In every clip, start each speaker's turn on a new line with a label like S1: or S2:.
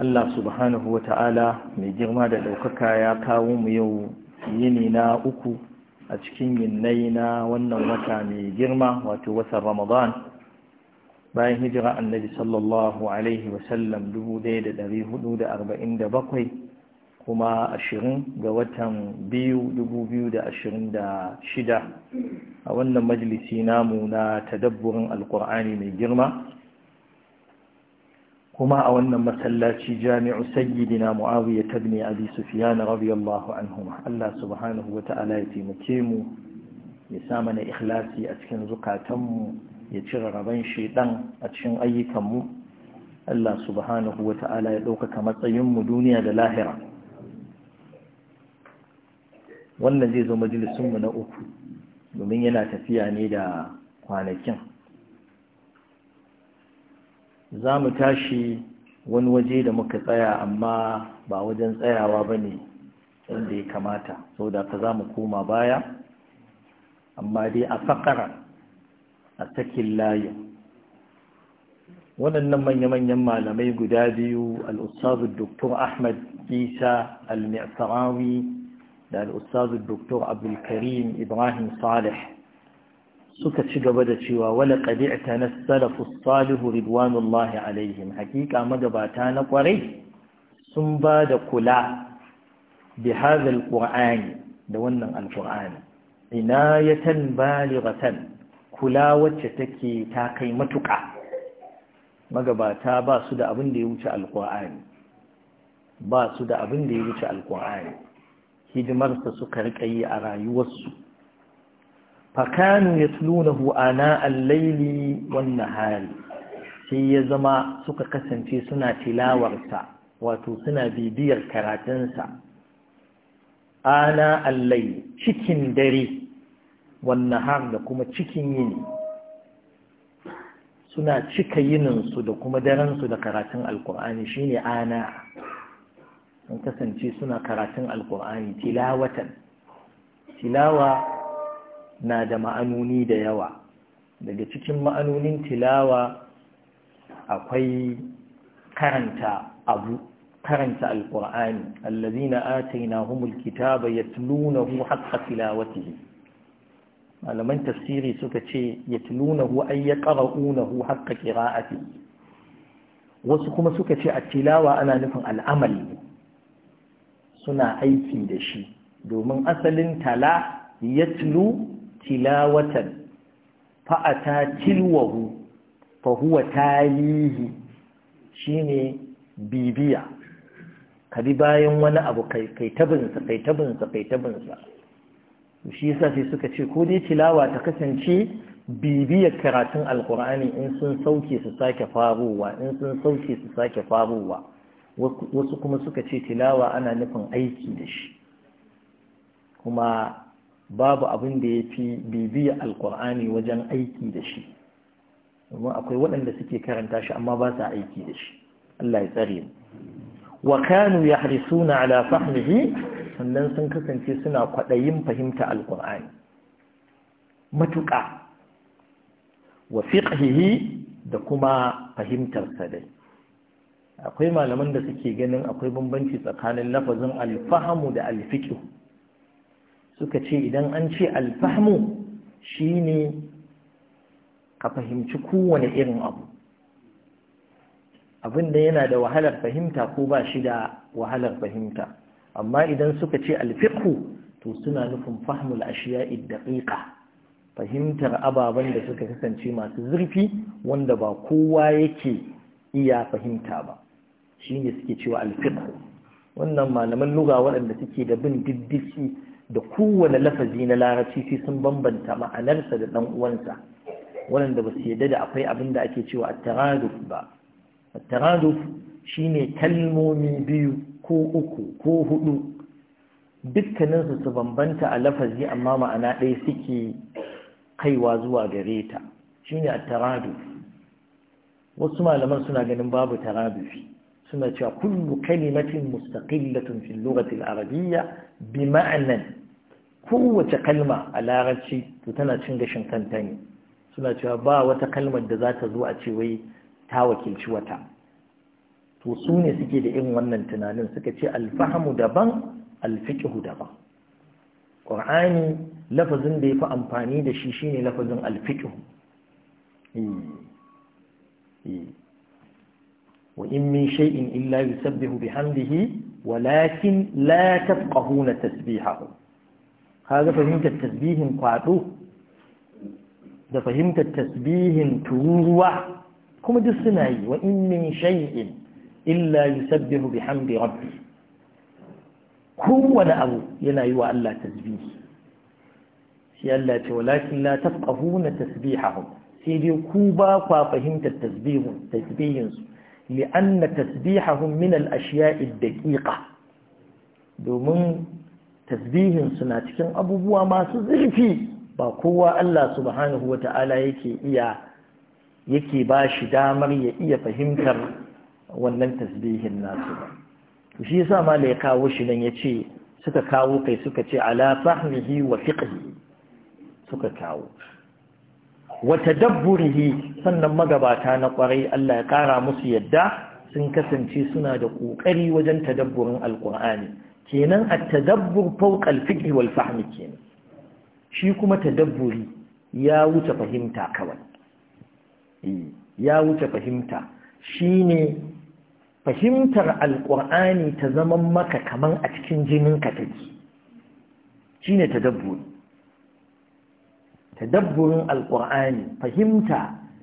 S1: Allah subhanahu wa ta'ala mai girma da ɗaukaka ya kawo mu yau yini na uku a cikin yinnai na wannan wata mai girma wato wata Ramadan bayan hijira annabi sallallahu Alaihi wasallam 1447 kuma 20 ga watan biyu 2026 a wannan majalisi namu na tadabburin alkur'ani mai girma kuma a wannan masallaci jami'u sayyidina muawiya tabni abi sufyan radiyallahu anhuma Allah subhanahu wata'ala ya taimake mu ya sa mana ikhlasi a cikin zukatanmu ya cire raban shedan a cikin ayyukanmu Allah subhanahu wata'ala ya ɗaukaka matsayinmu duniya da lahira wannan zai zo majalisunmu na uku domin yana tafiya ne da kwanakin za mu tashi wani waje da muka tsaya amma ba wajen tsayawa ba ne inda ya kamata sau da ka za mu koma baya amma dai a fakara a takin layin waɗannan manya-manyan malamai guda biyu al'ustazu dr ahmad isa al-mi'asarawi da al'ustazu dr abdulkarim ibrahim salih suka ci gaba da cewa wala na nasalafu salihu ridwanullahi alaihim hakika magabata na ƙwarai sun ba da kula bi hadha alqur'ani da wannan alqur'ani inayatan balighatan kula wacce take ta kai matuƙa. magabata ba su da abin da ya wuce Alƙur'ani. ba su da abin da ya wuce alqur'ani hidimarsa suka riƙa yi a rayuwarsu fakanu ya hu ana allaili wannan hari sai ya zama suka kasance suna tilawarsa wato suna bibiyar karatunsa ana allai cikin dare wannan har da kuma cikin yini suna cika yininsu da kuma darensu da karatun alkur'ani shine ana sun kasance suna karatun alkur'ani tilawatan tilawa na da ma'anoni da yawa daga cikin ma'anonin tilawa akwai karanta abu karanta alƙur'ani allazina atainahumul kitaba yatlunahu haqqa tilawatihi malaman tafsiri suka ce yatlunahu ay yaqra'unahu haqqa qira'atihi wasu kuma suka ce a tilawa ana nufin al'amal suna aiki da shi domin asalin tala yatlu tilawatan fa'ata tilwahu fa huwa talihi shine bibiya ka bi bayan wani abu kai tabinsa kai tabinsa kai tabinsa shi yasa sai suka ce ko dai tilawa ta kasance bibiyar karatun alkur'ani in sun sauke su sake faruwa in sun sauke su sake faruwa wasu kuma suka ce tilawa ana nufin aiki da shi kuma babu abin da ya fi bibiya alkur'ani wajen aiki da shi domin akwai waɗanda suke karanta shi amma ba sa aiki da shi Allah ya tsare mu wa kanu yahrisuna ala fahmihi sannan sun kasance suna kwaɗayin fahimta alkur'ani matuƙa wa fiqhihi da kuma fahimtar sa dai akwai malaman da suke ganin akwai bambanci tsakanin lafazin alfahamu da alfiqhu suka ce idan an ce alfahmu shine ka fahimci kowane irin abu abinda yana da wahalar fahimta ko ba shi da wahalar fahimta amma idan suka ce alfiqhu to suna nufin fahmul ashiya'i daqiqa fahimtar ababen da suka kasance masu zurfi wanda ba kowa yake iya fahimta ba shine suke cewa alfiqhu wannan malaman luga waɗanda suke da bin diddiki da kowane lafazi na larabci sai sun bambanta ma'anarsa da ɗan uwansa waɗanda ba su yadda da akwai abin da ake cewa a taraduf ba A taraduf shine kalmomi biyu ko uku ko hudu dukkaninsu su bambanta a lafazi amma ma'ana ɗaya suke kaiwa zuwa gare ta shine a taraduf wasu malaman suna ganin babu taradufi suna cewa kullu kalimatin mustaqillatin fil lughati al-arabiyya bi ma'anan. kowace kalma a larabci to tana cin gashin kanta ne suna cewa ba wata kalmar da za ta zo a ce wai ta wakilci wata to su ne suke da irin wannan tunanin suka ce alfahamu daban alfiqhu daban qur'ani lafazin da yafi amfani da shi shine lafazin alfiqhu eh, eh. wa in min shay'in illa yusabbihu bihamdihi walakin la tafqahuna tasbihahu kaga fahimtar tasbihin kwado da fahimtar tasbihin tururuwa kuma duk suna yi wa in min shay'in illa yusabbihu bihamdi rabbi kowane abu yana yi wa Allah tasbihi sai Allah ce walakin la tafqahuna tasbihahum sai dai ku ba kwa fahimtar tasbihun tasbihin su li'anna tasbihahum min al-ashiya'i ad-daqiqa domin tasbihin suna cikin abubuwa masu zurfi ba kowa Allah subhanahu wa ta'ala yake iya yake ba shi damar ya iya fahimtar wannan tasbihin nasu ba to shi yasa ma ya kawo shi nan yace suka kawo kai suka ce ala fahmihi wa fiqhi suka kawo wa tadabburihi sannan magabata na kwarai Allah ya kara musu yadda sun kasance suna da kokari wajen tadabburin alqur'ani kenan at-tadabbur fawqa al wal fahm kenan shi kuma tadabburi ya wuce fahimta kawai eh, ya wuce fahimta shi ne fahimtar Alƙur'ani ta zaman maka kaman a cikin jinin jininka take shine tadabburi tadabburin Alƙur'ani fahimta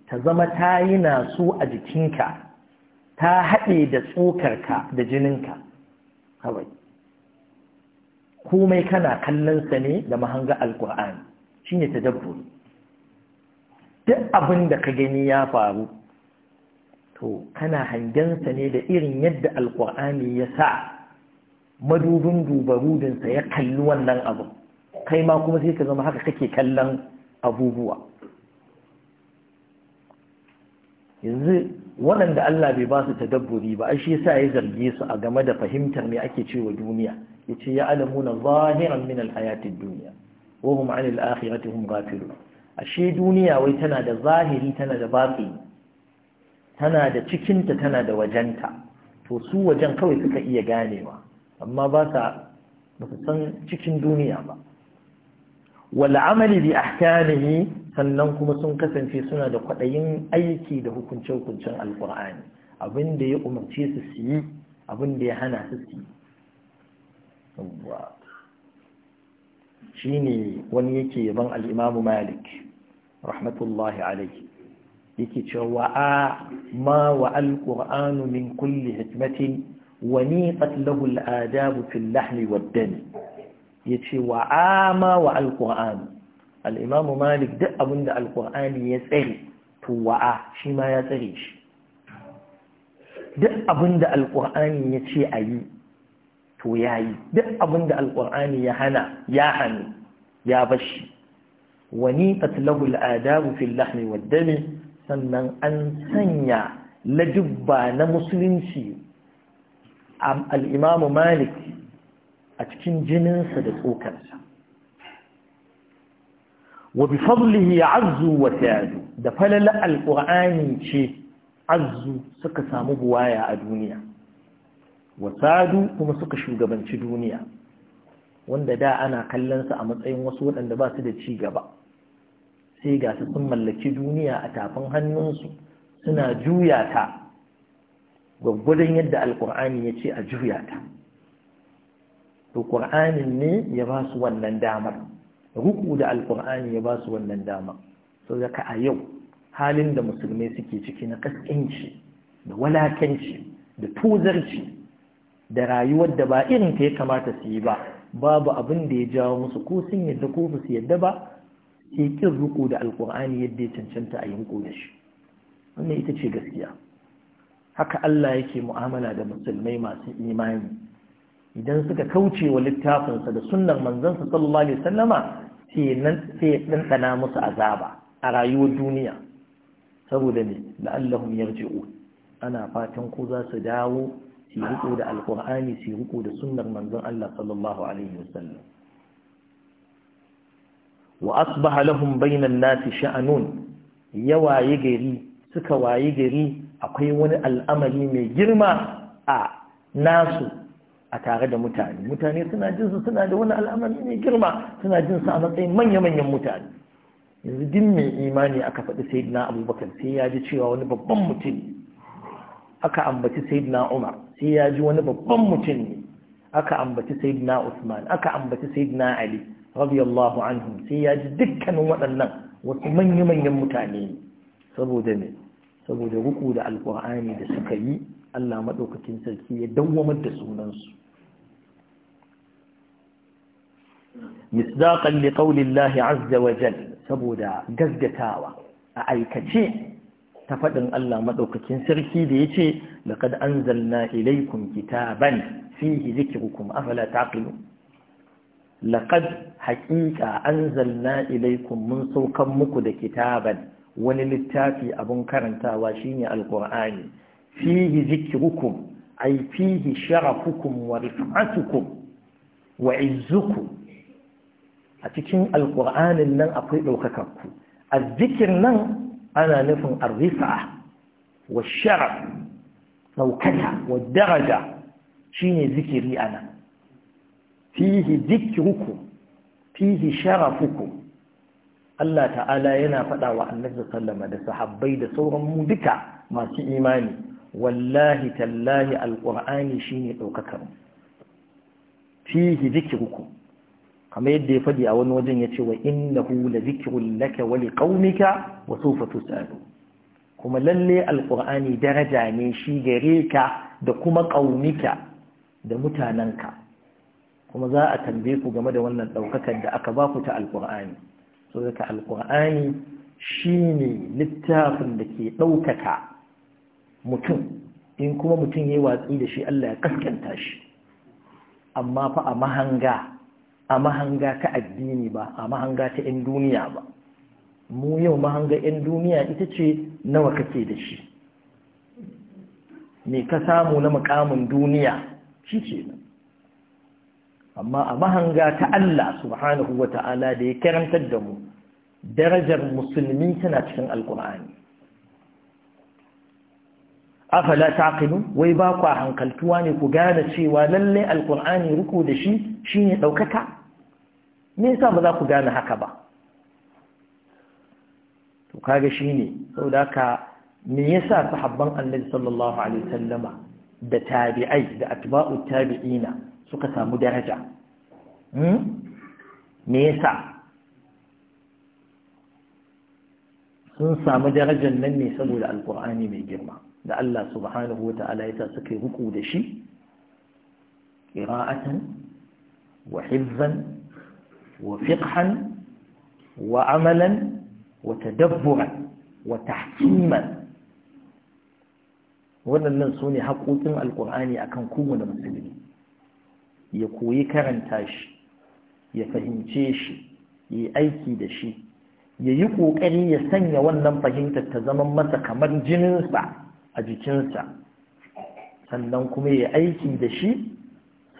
S1: ta zama ta yi nasu a jikinka ta haɗe da tsokarka da jininka kawai komai kana kallonsa sa ne da mahanga ne shine dabburi. duk abin da ka gani ya faru to kana hangensa ne da irin yadda alkur'ani ya sa madubin dubarudinsa ya kalli wannan abu kai ma kuma sai ka zama haka kake kallon abubuwa yanzu waɗanda Allah bai ba su tadabburi ba ai shi yasa ya zarge su a game da fahimtar me ake cewa duniya yace alamuna zahiran min alhayatid dunya wa hum 'anil akhirati hum ghafilun ashe duniya wai tana da zahiri tana da batini tana da cikinta tana da wajenta to su wajen kawai suka iya ganewa amma ba sa san cikin duniya ba wal amali bi ahkamihi sannan kuma sun kasance suna da kwaɗayin aiki da hukuncin-hukuncin alkur'ani abin da ya umarce su su yi abin da ya hana su su yi shine wani yake yaban al Malik rahmatullahi alayhi yake cewa a ma wa al-Qur'anu min kulli hikmatin wa niqat lahu al-adabu fil lahmi wad-dami yace wa a ma wa al-Qur'anu al Malik duk abinda al-Qur'ani ya tsare to wa'a shi ma ya tsare shi duk abinda al-Qur'ani ya ce ayi to yayi duk abin da Alƙur'ani ya hana ya hanu ya bashi wani tatlahu al'adabu fil lahmi wad sannan an sanya ladubba na musulunci al-imamu malik a cikin jininsa da tsokarsa wa bi fadlihi azzu wa sa'adu da falal alqur'ani ce azzu suka samu buwaya a duniya wasadu kuma suka shugabanci duniya wanda da ana kallonsa a matsayin wasu waɗanda ba su da ci gaba sai ga su sun mallaki duniya a tafin hannunsu suna juya ta gwaggwadon yadda alkur'ani ya ce a juya ta to ƙur'anin ne ya ba su wannan damar ruku da alkur'ani ya ba su wannan damar sau da a yau halin da musulmai suke ciki na kaskanci da walakanci da tozarci da rayuwar da ba irin ta ya kamata su yi ba babu abin da ya jawo musu ko sun yadda ko ba su yadda ba sai kin da alkur'ani yadda ya cancanta a yi da shi wannan ita ce gaskiya haka Allah yake mu'amala da musulmai masu imani idan suka kauce wa littafinsa da sunnar manzansa sallallahu alaihi wasallama sai nan sai tsana musu azaba a rayuwar duniya saboda ne la'allahum yarji'un ana fatan ko za su dawo su riko da alkur'ani su riko da sunnar manzon Allah sallallahu alaihi wasallam wa asbaha lahum bainan nasi sha'anun yawaye gari suka waye gari akwai wani al'amari mai girma a nasu a tare da mutane mutane suna jin su suna da wani al'amari mai girma suna jin su a matsayin manya-manyan mutane yanzu din mai imani aka faɗi sayyidina abubakar sai ya ji cewa wani babban mutum aka ambaci sayyidina umar sai ya ji wani babban mutum ne aka ambaci sayyidina Usman aka ambaci sayyidina Ali radiyallahu anhum sai ya ji dukkanin waɗannan wasu manya-manyan mutane ne saboda ne saboda ruku da alkur'ani da suka yi Allah maɗaukakin sarki ya dawwamar da sunansu misdaqan li qawli Allah azza wa jalla saboda gaggatawa a aikace ta faɗin Allah maɗaukakin sarki da ya ce laƙad an zalna ilaikun kitaban fihi zikirkum afala taqilu laƙad haƙiƙa an zalna ilaikun mun saukan muku da kitaban wani littafi abun karantawa shine alƙur'ani fihi ai fi fihi sharafukum wa rif'atukum wa izuku. a cikin alƙur'anin nan akwai ku. a zikir nan ana nufin arrisa wa sharaf ɗaukata wa daraja shine zikiri ana fihi zikiruku fihi sharafuku Allah ta'ala yana faɗa wa annabi sallama da sahabbai da sauran mu duka masu imani wallahi tallahi alqur'ani shine ɗaukakar fihi zikiruku kamar yadda ya fadi a wani wajen ya ce wa innahu hula zikrun laka wa liqaumika wa sawfa tusalu kuma lalle alqur'ani daraja ne shi gare ka da kuma ƙaunika da ka. kuma za a tambaye ku game da wannan ɗaukakar da aka ba ku ta alqur'ani so daga shi shine littafin da ke ɗaukaka mutum in kuma mutum yayi watsi da shi Allah ya kaskanta shi amma fa a mahanga a mahanga ta addini ba a mahanga ta 'yan duniya ba mu yau mahanga 'yan duniya ita ce nawa kake da shi me ka samu na mukamin duniya shi ce amma a mahanga ta Allah subhanahu wa ta'ala da ya karantar da mu darajar musulmi tana cikin alkur'ani afala taqilu wai ba ku hankaltuwa ne ku gane cewa lallai alkur'ani ruku da shi shine ɗaukaka? me yasa ba za ku gane haka ba to kaga shine saboda haka me yasa sahabban annabi sallallahu alaihi wasallama da tabi'ai da atba'u tabi'ina suka samu daraja hmm? me yasa sun samu darajar nan ne saboda alkur'ani mai girma da Allah subhanahu wa ta'ala ya sa suka yi ruku da shi qira'atan wa hizzan وفقها وعملا وتدبرا وتحكيما waɗannan su ne haƙoƙin alƙur'ani a kan kowane musulmi ya koyi karanta shi ya fahimce shi ya aiki da shi ya yi ƙoƙari ya sanya wannan fahimtar ta zama masa kamar jininsa a jikinsa sannan kuma ya aiki da shi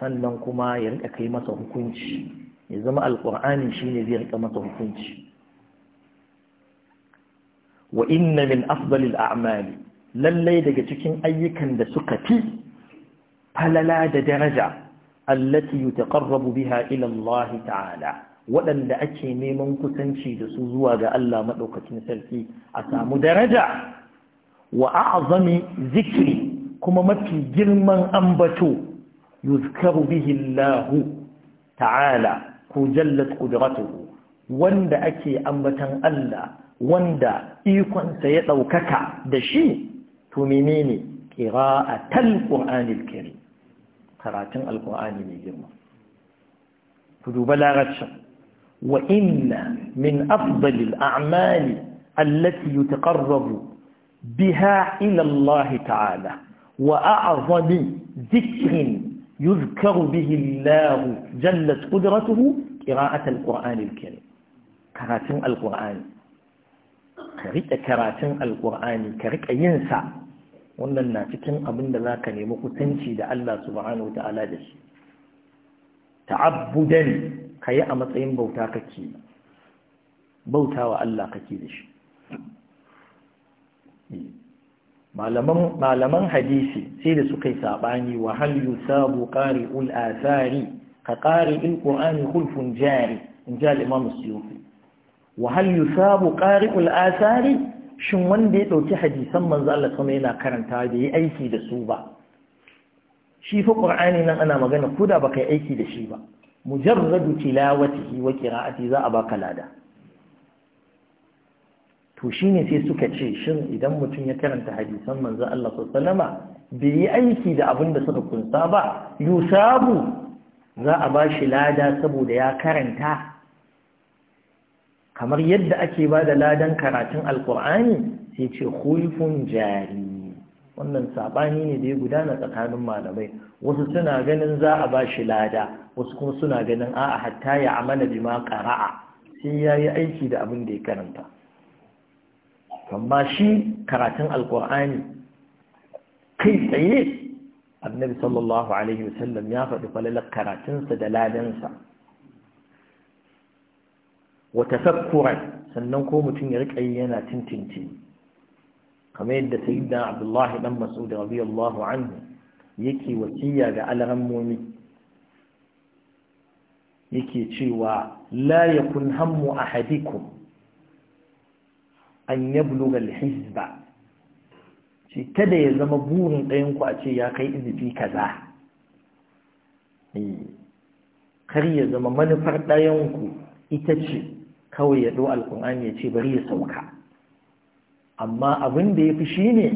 S1: sannan kuma ya riƙa kai masa hukunci ya zama alƙur'ani shine zai rika masa hukunci wa inna min afdalil a'mali lallai daga cikin ayyukan da suka fi falala da daraja allati yutaqarrabu biha ila Allah ta'ala waɗanda ake neman kusanci da su zuwa ga Allah madaukakin sarki a samu daraja wa a'zami zikri kuma mafi girman ambato yuzkaru bihi Allah ta'ala ko jallat qudratuhu wanda ake ambatan Allah wanda ikonsa ya ɗaukaka da shi to menene qira'atul qur'anil karim karatun alqur'ani mai girma ku duba larabcin wa inna min afdalil a'mali allati yutaqarrabu biha ila Allah ta'ala wa a'zami dhikrin يذكر به الله جلت قدرته قراءة القرآن الكريم كراتن القرآن كريت كراتن القرآن كريت ينسى wannan na cikin abinda da za ka nemi kusanci da Allah subhanahu ta'ala da shi ta'abbudan ka yi a matsayin bauta kake bauta Allah kake da shi malaman hadisi sai da suka yi saɓani wa hal yusabu qari'ul athari ka qari'il qur'ani khulfun jari in ji al-imam wa hal yusabu qari'ul shin wanda ya ɗauki hadisan manzo Allah sama yana karanta da yi aiki da su ba shi fa ƙur'ani nan ana magana ko da baka yi aiki da shi ba mujarradu tilawatihi wa qira'ati za a baka lada to shi ne sai suka ce shin idan mutum ya karanta hadisan manzan Allah sallama bai yi aiki da abin da suka kunsa ba yusabu za a ba shi lada saboda ya karanta kamar yadda ake ba da ladan karatun alkur'ani sai ce hulfun jari wannan saɓani ne da ya gudana tsakanin malamai wasu suna ganin za a ba shi lada wasu kuma suna ganin a'a hatta ya amana bima ƙara'a. sai ya yi aiki da abin da ya karanta amma shi karatun alkur'ani kai tsaye annabi sallallahu alaihi wasallam ya faɗi falalar karatunsa da ladansa wata sakkuran sannan ko mutum ya riƙa yi yana tintinci kamar yadda sayidda abdullahi ɗan mas'ud radiyallahu anhu yake wasiya ga alrammomi yake cewa la yakun hammu ahadikum an yabluga al-hizba shi kada ya zama burin ɗayan ku a ce ya kai izifi kaza eh, kar ya zama manufar ɗayan ku ita ce kawai ya ɗo alƙur'ani ya ce bari ya sauka amma abin da ya fi shi ne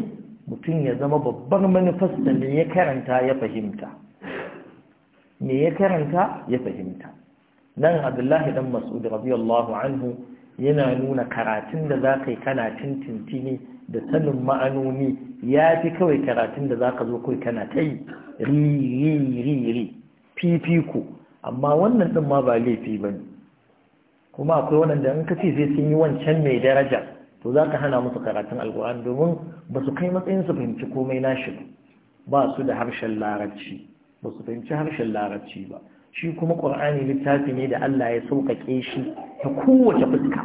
S1: mutum ya zama babbar da ne ya karanta ya fahimta me ya karanta ya fahimta nan abdullahi dan mas'ud radiyallahu anhu yana nuna karatun da za ka yi kana tintintini da sanin ma'anoni ya fi kawai karatun da za ka zo kawai kana ta yi ri fifiko amma wannan ɗin ma ba laifi ba ne kuma akwai waɗanda in ka ce sai sun yi wancan mai daraja to za ka hana musu karatun alkur'ani domin ba su kai matsayin su fahimci komai nashi ba ba su da harshen larabci ba su fahimci harshen larabci ba shi kuma ƙur'ani littafi ne da allah ya sauƙaƙe shi ta kowace fuska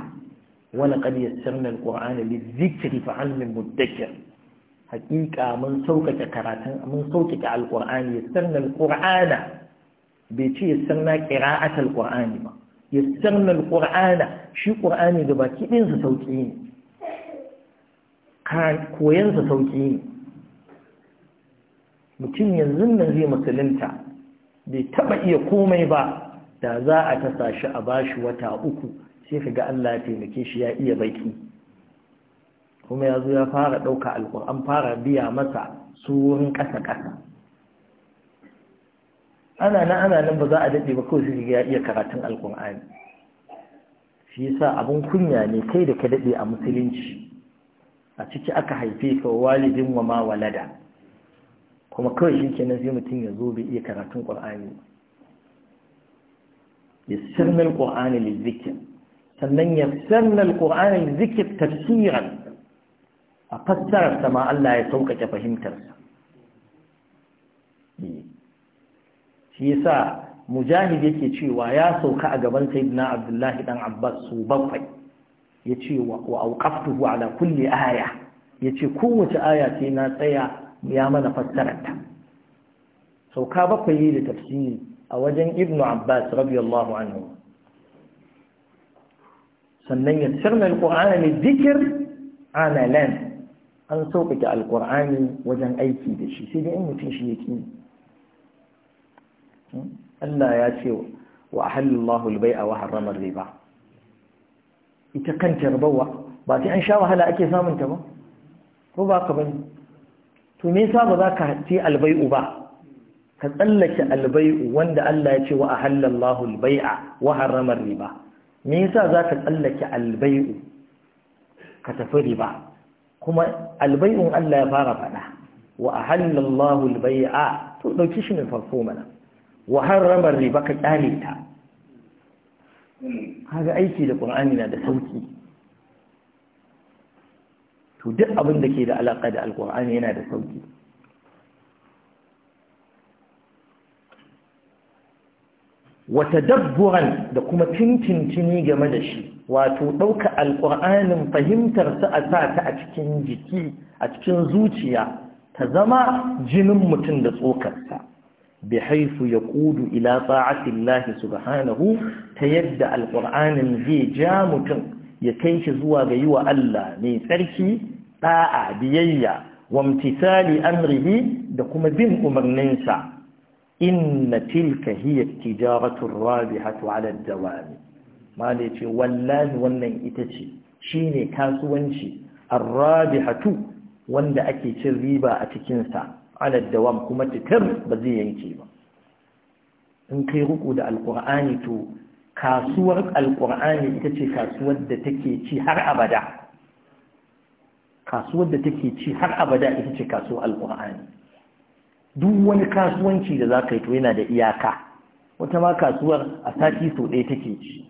S1: Wani wala qad yassarna alqur'ana lizikri fa hal min mudakkir haqiqa mun sauƙaƙe karatun mun sauƙaƙe Ya yassarna alqur'ana bai ce yassarna qira'at alqur'ani ba Ya yassarna alqur'ana shi qur'ani da baki din sa sauƙi ne kan koyan sa sauƙi ne mutum yanzu nan zai musulunta bai taɓa iya komai ba da za a tasa shi a bashi wata uku sai ka ga Allah ya taimake shi ya iya baki kuma ya zo ya fara ɗauka alƙur'an fara biya masa tsohon ƙasa-ƙasa ana nan ana nan ba za a daɗe ba kawai sai ya iya karatun alƙur'ani shi yasa abin kunya ne kai da ka daɗe a musulunci a ciki aka haife ka walidin wa ma walada kuma kawai shi kenan sai mutum ya zo bai iya karatun ƙur'ani يسرنا القرآن للذكر sannan ya sannan alƙur'anin zikir tafsiran a fassararsa ma Allah ya sauƙaƙe fahimtarsa shi yasa mujahid yake cewa ya sauka a gaban sayyidina abdullahi dan abbas su bakwai ya ce wa auqaftuhu ala kulli aya ya ce kowace aya sai na tsaya ya mana fassararta sauka bakwai da tafsiri a wajen ibnu abbas radiyallahu anhu sannan ya sirna alƙur'ani zikir amalan an sauƙaƙe alƙur'ani wajen aiki da shi sai dai in mutum shi ya ƙi Allah ya ce wa ahallallahu albai'a wa harramar riba ita kanta rabawa ba sai an sha wahala ake samun ta ba ko ba ka bane to me yasa ba za ka ci albai'u ba ka tsallake albai'u wanda Allah ya ce wa ahallallahu albai'a wa riba me yasa zaka tsallake albai'u ka tafi riba kuma albai'un Allah ya fara faɗa. wa ahallallahu albai'a to shi ne farko mana wa harrama riba ka kyale ta Haga aiki da Qur'ani na da sauki to duk abin da ke da alaƙa da alqur'ani yana da sauki wata dabburan da kuma tintintini game da shi wato ɗauka alƙur'anin fahimtarsa a sa ta a cikin jiki a cikin zuciya ta zama jinin mutum da tsokarsa bi haifu ya ƙudu ila tsa'atillahi subhanahu ta yadda alƙur'anin zai ja mutum ya kai shi zuwa ga yi wa Allah mai tsarki ɗa'a biyayya wamtisali amrihi da kuma bin umarninsa inna tilka hiya tijaratu rabihatu ala ce wallahi wannan ita ce shine kasuwanci arrabihatu wanda ake cin riba a cikin sa ala dawam kuma titir ba zai yanke ba in kai ruku da alqur'ani to kasuwar alqur'ani ita ce kasuwar da take ci har abada kasuwar da take ci har abada ita ce kasuwar alqur'ani duk wani kasuwanci da za ka yi to yana da iyaka wata ma kasuwar a sati sau ɗaya take ci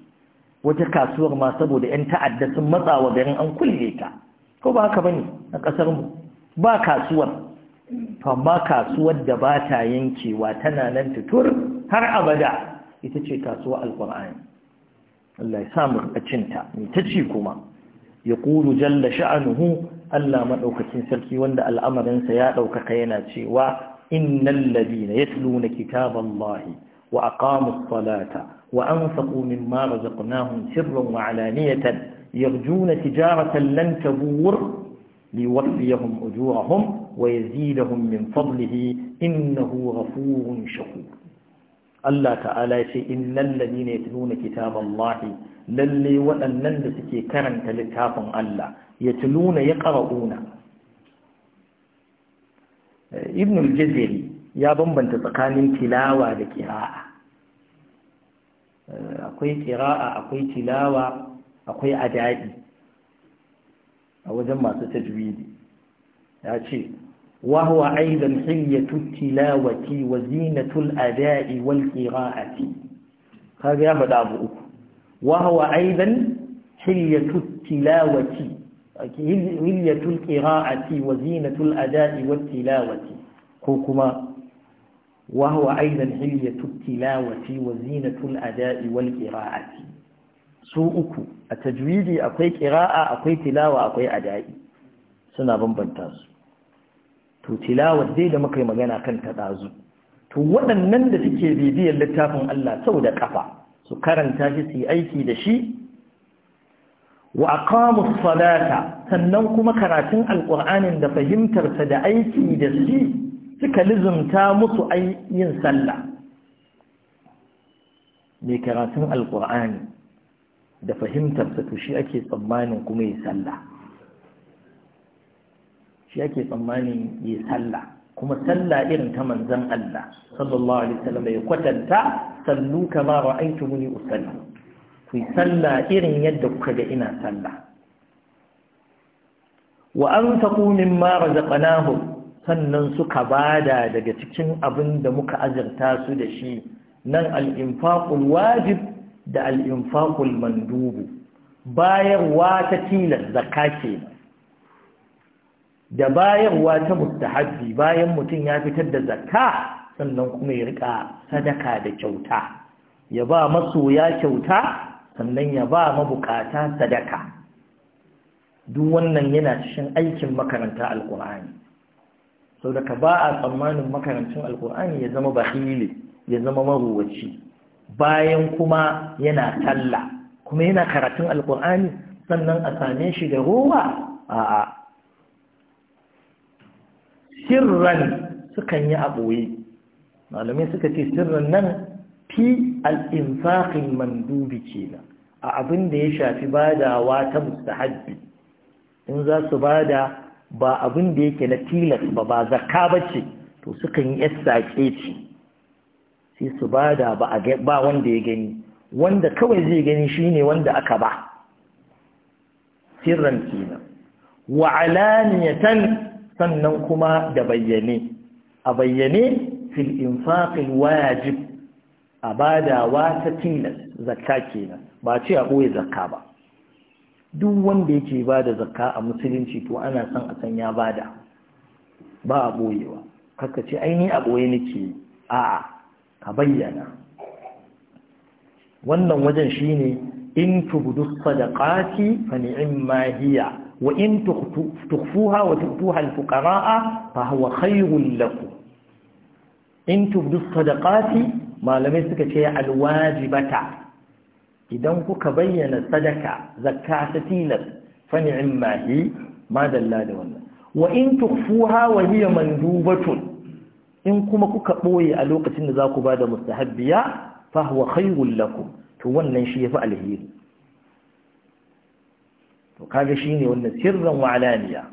S1: wata kasuwar ma saboda 'yan ta'adda sun matsa wa garin an kulle ta ko ba haka bane a ƙasar mu ba kasuwar amma kasuwar da ba ta yankewa tana nan tutur har abada ita ce kasuwa alƙur'ani Allah ya mu a cinta mai ta ci kuma ya ƙuru jalla sha'anuhu Allah maɗaukakin sarki wanda al'amarinsa ya ɗaukaka yana cewa إن الذين يتلون كتاب الله وأقاموا الصلاة وأنفقوا مما رزقناهم سرا وعلانية يرجون تجارة لن تبور ليوفيهم أجورهم ويزيدهم من فضله إنه غفور شكور الله تعالى شيء إن الذين يتلون كتاب الله للي لن سكي كرنت لتافا الله يتلون يقرؤون ibn al ya bambanta tsakanin tilawa da kira'a eh, akwai kira'a akwai tilawa akwai adadi a wajen masu tajwidi ya ce wa huwa aidan hilyatu tilawati wa zinatul adai wal qira'ati kaga ya faɗa abu uku wa huwa aidan hilyatu tilawati hilyatul qira'ati wa zinatul ada'i wat tilawati ko kuma wa huwa aidan hilyatul tilawati wa zinatul ada'i wal qira'ati su uku a tajwidi akwai qira'a akwai tilawa akwai ada'i suna bambanta su to tilawa dai da muka yi magana kan ta dazu to waɗannan da suke bibiyar littafin Allah sau da kafa su karanta shi su yi aiki da shi wa aqamu salata sannan kuma karatun alqur'anin da fahimtar sa da aiki da shi suka lizumta musu yin sallah mai karatun alqur'ani da fahimtar sa to shi ake tsammanin kuma yi sallah shi ake tsammanin yi sallah kuma sallah irin ta manzon Allah sallallahu alaihi wasallam ya kwatanta sallu kama ra'aytumuni usalli ku yi sallah irin yadda kuka ga ina sallah wa an taku min mara sannan suka bada daga cikin abin da muka azurta su da shi nan al'infaƙul wajib da alimfaƙul mandubu bayarwa ta tilas zakka ke da bayarwa ta mustahabbi bayan mutum ya fitar da zakka sannan kuma ya riƙa sadaka da kyauta ya ba masoya kyauta sannan ya ba mabukata sadaka duk wannan yana cikin aikin makaranta alkur'ani sau da ka ba a tsammanin makarancin alkur'ani ya zama bahili ya zama maruwaci bayan kuma yana talla kuma yana karatun alkur'ani sannan a same shi da ruwa a sirran sukan yi a ɓoye malamai suka ce sirran nan fi al'infaƙin mandubi kenan a abin da ya shafi badawa ta mustahabbi in za su bada ba abin da yake na tilas ba ba zakka bace to sukan yi sake ce sai su bada ba ba wanda ya gani wanda kawai zai gani shine wanda aka ba sirran kenan wa alaniyatan sannan kuma da bayyane a bayyane fil infaqil wajib a badawa ta tilas zakka kenan ba ce a ɓoye zakka ba duk wanda yake ba da zakka a musulunci to ana son a san ya ba da ba a ɓoyewa kaka ce aini a ɓoye nake a'a ka bayyana wannan wajen shine in tubdu sadaqati fa ni'ma hiya wa in tukhfuha wa tukhfuha al-fuqara'a fa huwa khayrun lakum in tubdu sadaqati malamai suka ce alwajibata idan kuka bayyana sadaka zakka ta tilas fa ni'imma hi ma dalla da wannan wa in tukhfuha wa hiya mandubatun in kuma kuka boye a lokacin da zaku bada mustahabbiya fa huwa khairul lakum to wannan shi yafi alheri to kaga shine wannan sirran wa alaniya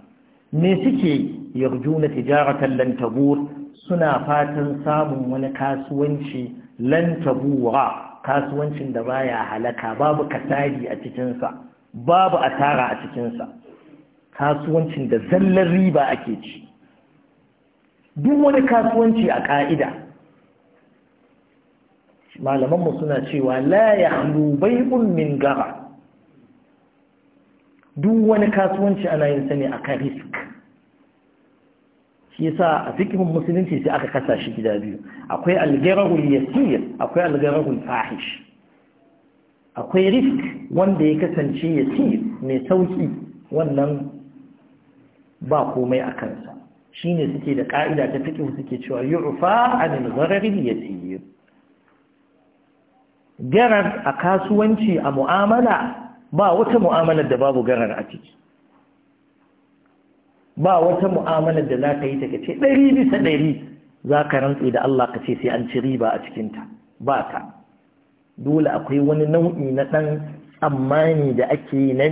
S1: me suke yarjuna tijaratan lan tabur suna fatan samun wani kasuwanci lan tabura kasuwancin da baya halaka babu kasari a cikinsa babu asara a cikinsa kasuwancin da zallar riba ake ci duk wani kasuwanci a ƙa'ida malamanmu suna cewa la ya hannu min gara duk wani kasuwanci ana yin sani a ka risk shi yasa a fikin musulunci sai aka kasa shi gida biyu akwai algarahul yasir akwai algarahul fahish akwai risk wanda ya kasance yasir mai sauki wannan ba komai a kansa Shi ne suke da ka'ida ta fikihu suke cewa yu'fa anil ghararil yasir garar a kasuwanci a mu'amala ba wata mu'amalar da babu garar a ciki ba wata mu'amala da za ka yi ta ce ɗari bisa ɗari za ka rantse da Allah ka ce sai an ci riba a cikinta ba ka. dole akwai wani nau'i na ɗan tsammani da ake yi na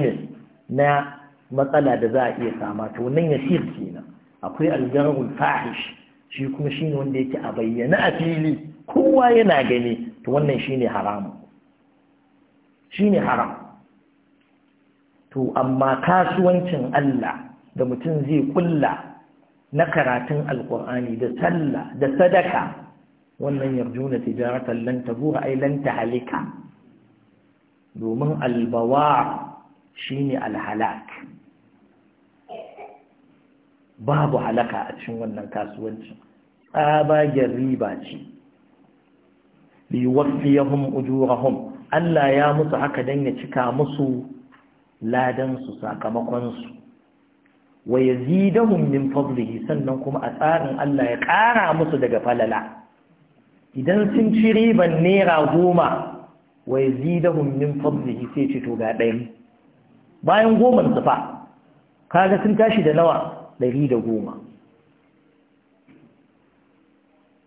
S1: na matsala da za a iya sama to nan ya ke nan akwai algarul fahish shi kuma ne wanda yake a bayyana a fili kowa yana gani to wannan ne haramu ne haram to amma kasuwancin Allah da mutum zai kulla na karatun alkur'ani da sallah da sadaka wannan yarjuna tijaratan lan tabura ay lan tahlika domin albawa shine alhalak babu halaka a cikin wannan kasuwanci. tsabagen riba ce liwafiyahum ujurahum Allah ya musu haka dan ya cika musu ladan su sakamakon su wa yazidahum min fadlihi sannan kuma a tsarin Allah ya ƙara musu daga falala idan sun ci riban naira goma wa yazidahum min fadlihi sai ci to ga ɗari bayan goman su kaga sun tashi da nawa ɗari da goma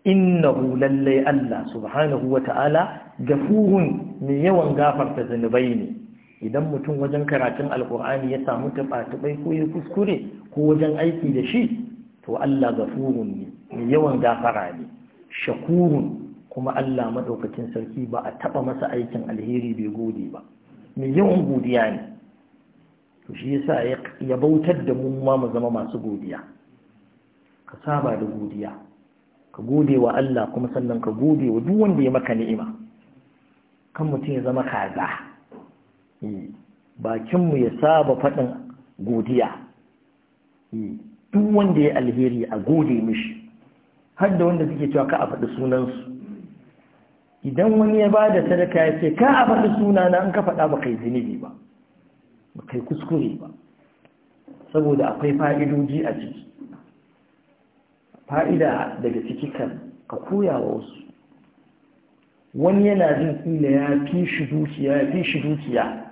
S1: innahu lallai Allah subhanahu wa ta'ala gafurun mai yawan gafarta zunubai ne idan mutum wajen karatun alkur'ani ya samu tuba ko ya kuskure ko wajen aiki da shi to Allah gafurun ne mai yawan gafara ne shakurun kuma Allah madaukakin sarki ba a taba masa aikin alheri bai gode ba mai yawan godiya ne to shi yasa ya bautar da mu ma mu zama masu godiya ka saba da godiya ka gode wa Allah kuma sannan ka gode wa duk wanda ya maka ni'ima kan mutum ya zama kaza Eh, bakinmu ya saba faɗin godiya eh, duk wanda ya alheri a gode mishi har da wanda suke cewa ka a faɗi sunansu idan wani ya ba da sadaka ya ce ka a faɗi sunana an ka faɗa ba kai zunubi ba ba kai kuskure ba saboda akwai fa'idoji a ciki fa'ida daga ciki kan ka koya wa wasu wani yana jin ƙila ya fi shi dukiya ya fi shi dukiya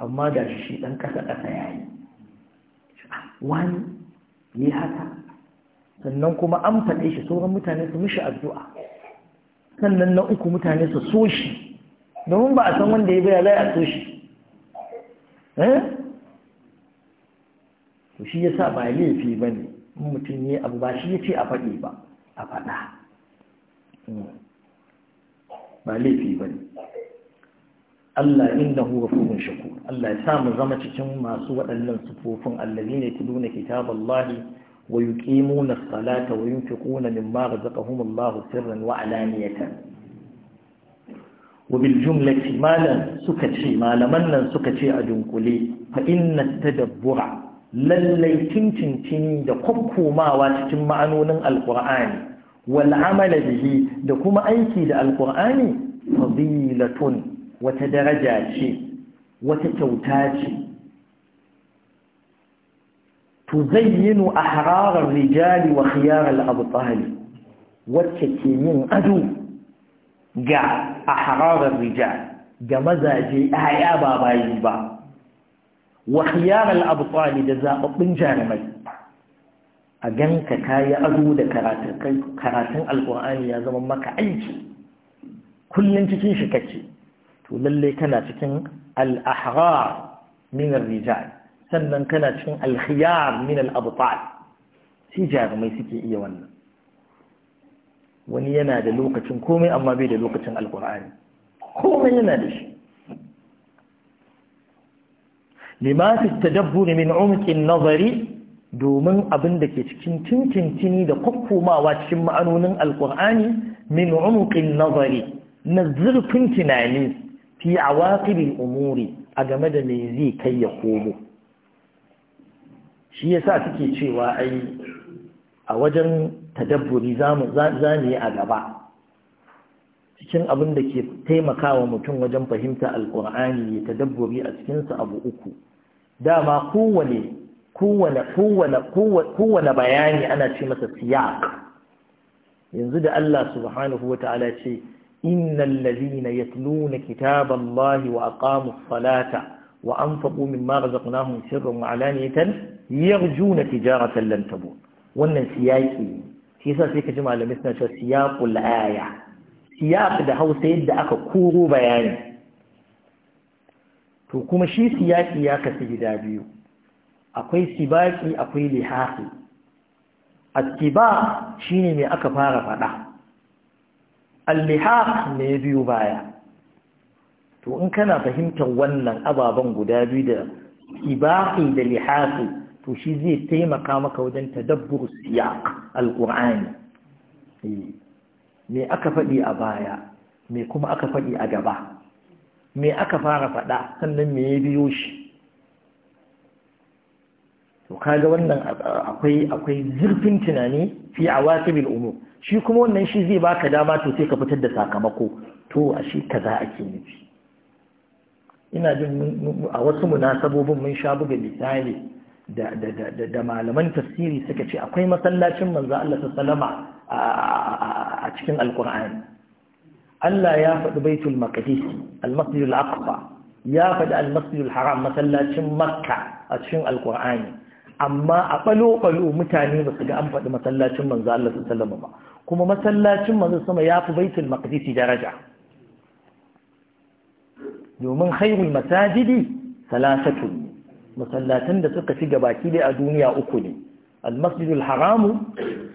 S1: amma da shi shi ɗan ƙasa ƙasa ya yi wani yi haka sannan kuma an faɗe shi sauran mutane su mishi addu'a sannan na uku mutane su so shi domin ba a san wanda ya baya laya so shi eh? to shi ya sa ba laifi ba ne mutum ne abu ba shi ya ce a faɗi ba a faɗa hmm. ba laifi ba ne Allah innahu ghafurun shakur Allah ya sa mu zama cikin masu waɗannan sufofin allazina yatluna kitaballahi wa yuqimuna as-salata wa yunfiquna mimma razaqahum Allah sirran wa alaniyatan wa bil jumlati malan suka ce malaman nan suka ce a dunkule fa inna dabbura, lallai cincincini da kwakkomawa cikin ma'anonin alqur'ani wal amala bihi da kuma aiki da alqur'ani fadilatun wata daraja ce wata kyauta ce a hararar rijali wa khiyarar tsari wacce ke yin ado ga a hararar rijali ga mazaje ya ba bayi ba wa khiyarar tsari da zaɓaɓɓun jarumai a ganka kaya ado da karatun Alƙur'ani ya zama maka aiki kullum cikin shi kace to lalle kana cikin al-ahrar min ar-rijal sannan kana cikin al-khiyar min al-abtal shi jarumai suke iya wannan wani yana da lokacin komai amma bai da lokacin alkur'ani komai yana da shi limafi tadabburi min umkin nazari domin abin da ke cikin tintintini da kwakkomawa cikin ma'anonin alkur'ani min umkin nazari na zurfin tunani fi a waƙibin umuri a game da me zai kai ya komo shi yasa suke cewa ai a wajen tadabburi zamu mu yi a gaba cikin abin da ke taimakawa mutum wajen fahimta Alƙur'ani ya tadabburi a cikin su abu uku dama kowane kowane kowane kowane bayani ana ce masa siyaq yanzu da Allah subhanahu wataala ce إن الذين يتلون كتاب الله وأقاموا الصلاة وأنفقوا مما رزقناهم سرا وعلانية يرجون تجارة لن تبور وأن سياقي سيسا سيكا جمع لمسنا سياق الآية سياق ده هو سيد أكا كورو بياني to kuma shi siyaki ya kasu gida biyu akwai sibaki akwai lihaqi attiba shine mai aka fara fada al-lihaq ne biyu baya to in kana fahimtar wannan ababen guda biyu da ibahi da lihaqi to shi zai taimaka maka wajen tadabbur siyaq al-qur'ani eh, me aka faɗi a baya me kuma aka faɗi a gaba me aka fara faɗa sannan me ya biyo shi to kaga wannan akwai akwai zurfin tunani fi awatibil umur shi kuma wannan shi zai baka dama to sai ka fitar da sakamako to a shi kaza ake nufi ina jin a wasu munasabobin mun sha buga misali da da da da malaman tafsiri suka ce akwai masallacin manzo Allah sallama a cikin alqur'ani Allah ya faɗi baitul maqdis al-masjid al-aqsa ya faɗi al-masjid al-haram masallacin makka a cikin alqur'ani amma a ɓalo-ɓalo mutane ba su ga an faɗi masallacin manzo Allah su sallama ba kuma masallacin manzo sama ya fi baitul maqdisi daraja domin khairul masajidi salasatu masallatan da suka fi gabaki dai a duniya uku ne المسجد الحرام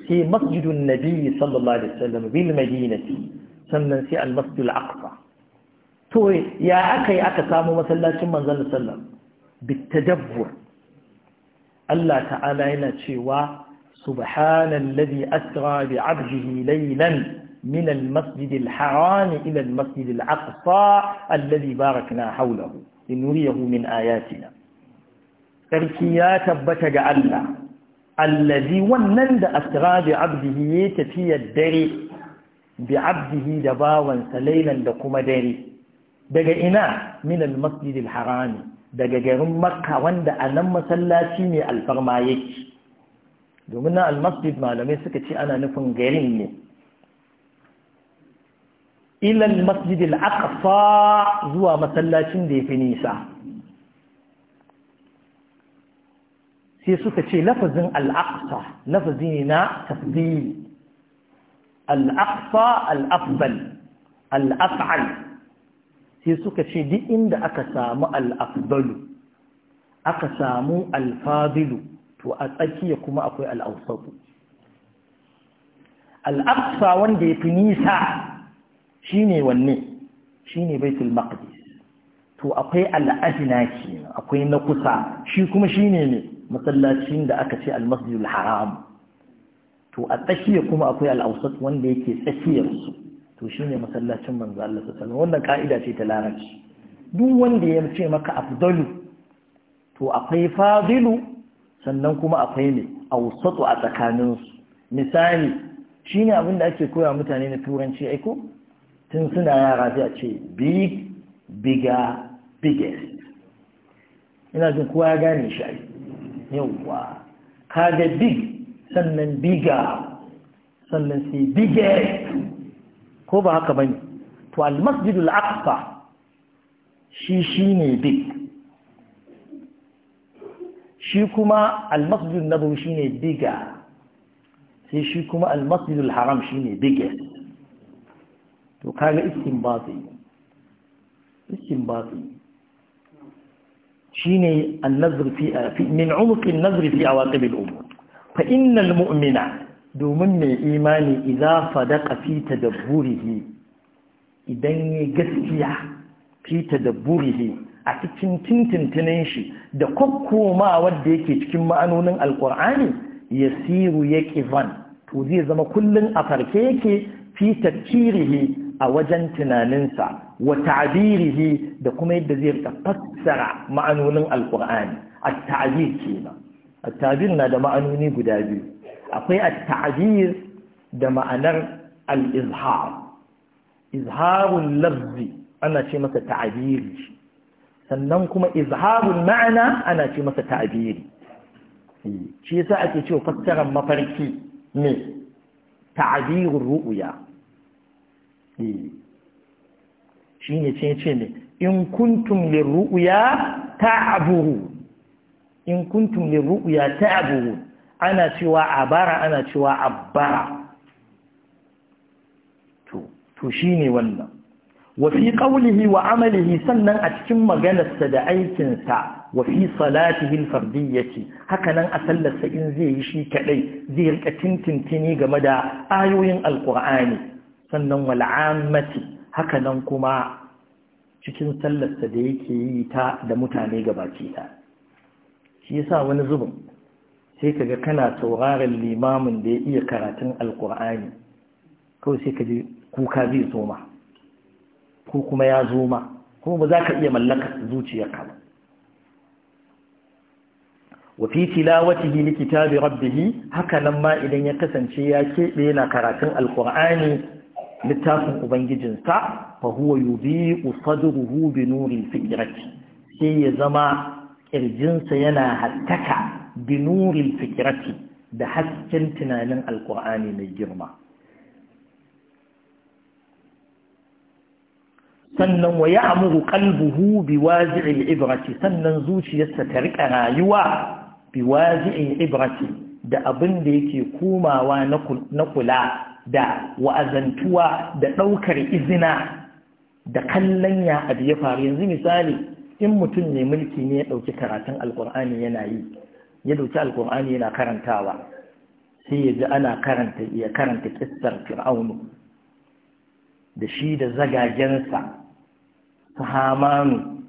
S1: في مسجد النبي صلى الله عليه وسلم بالمدينة sannan sai almasjid al-aqsa to ya akai aka samu masallacin manzon sallam bitadabbur Allah ta'ala yana cewa subhanallazi asra bi 'abdihi laylan min al-masjid al-haram ila al-masjid al-aqsa alladhi barakna hawlahu linuriyahu min ayatina sarki ya tabbata ga Allah allazi wannan da asra bi 'abdihi tafiya dare bi 'abdihi da bawansa laylan da kuma dare daga ina min al-masjid al-haram daga garin makka wanda a nan masallaci ne alfarma yake domin na almasjid malamai suka ce ana nufin garin ne ilal masjid al'aqsa zuwa masallacin da ya fi nisa sai suka ce lafazin al'aqsa lafazi ne na tafdili al'aqsa al'afbal al'af'al sai suka ce duk inda aka samu al'afdalu aka samu alfadilu to a tsakiya kuma akwai al'ausaku al'afsa wanda ya fi nisa shi ne wanne shi ne baitul maqdis to akwai al'adina ke akwai na kusa shi kuma shi ne ne masallacin da aka ce al-masjidul haram to a tsakiya kuma akwai al'ausat wanda yake tsakiyarsu to ne masallacin manzo Allah sallallahu wannan ka'ida ce ta larabci duk wanda ya ce maka afdalu to akwai fadilu sannan kuma akwai ne awsatu a tsakanin su misali shine abin da ake koya mutane na turanci aiko tun suna yara sai ce big bigger biggest ina jin kowa ya gane shi ai yawwa ga big sannan bigger sannan sai biggest ko ba haka bane to al-masjid al-aqsa shi shine big shi kuma al-masjid an-nabawi shine biga sai shi kuma al-masjid al-haram shine biggest to kaga istinbati istinbati an-nazr شيني النظر في من fi awaqib al-umur fa innal mu'mina domin mai imani idza fadaqa fi tadabburihi idan ya gaskiya fita da tadabburihi a cikin tintintinin shi da kokkoma wanda yake cikin ma'anonin alqur'ani yasiru yaqivan to zai zama kullum a farke yake fi tafkirihi a wajen tunaninsa wa ta'birihi da kuma yadda zai fassara ma'anonin Alƙur'ani a tabir kenan a tabir na da ma'anoni guda biyu akwai at da ma'anar al-izhar izharul lafzi ana ce masa ta'biri sannan kuma izharun ma'ana ana ce masa ta'biri eh, shi yasa ake cewa fassarar mafarki ne ta'birur ru'uya? Eh, shi ne ce ce ne in kuntum lirru'ya ta'buru in kuntum ana cewa abara ana cewa bara. to shine wannan wa fi wa amalihi sannan a cikin maganarsa da aikinsa wa fi salatihi al-fardiyyati nan a sallarsa in zai yi shi kaɗai zai rika tintintini game da ayoyin alqur'ani sannan wal ammati nan kuma cikin sallarsa da yake yi ta da mutane gabaki ta shi yasa wani zubin sai ka ga kana sauraron limamin da ya iya karatun alkur'ani kawai sai ka ji kuka zai zo ma ko kuma ya zo ma ba za ka iya mallaka zuciyarka ba Wafi fi tilawatihi li kitabi rabbih haka nan ma idan ya kasance ya kebe yana karatun alkur'ani littafin ubangijinsa fa huwa yudhi'u sadruhu bi nuri fikrati sai ya zama kirjinsa yana hattaka binuril fikirati da hasken tunanin alkur'ani mai girma sannan wa kalbuhu bi wazi'il ibrati sannan zuciyarsa ta rika rayuwa wazi'il ibrati da abin da yake komawa na kula da wa'azantuwa da ɗaukar izina da kallon ya abu ya faru yanzu misali in mutum ne mulki ne ya ɗauki karatun alkur'ani yana yi ya dauki alkur'ani yana karantawa sai ya ji ana karanta ya karanta kistar fir'aunu da shi da zagagensa su hamanu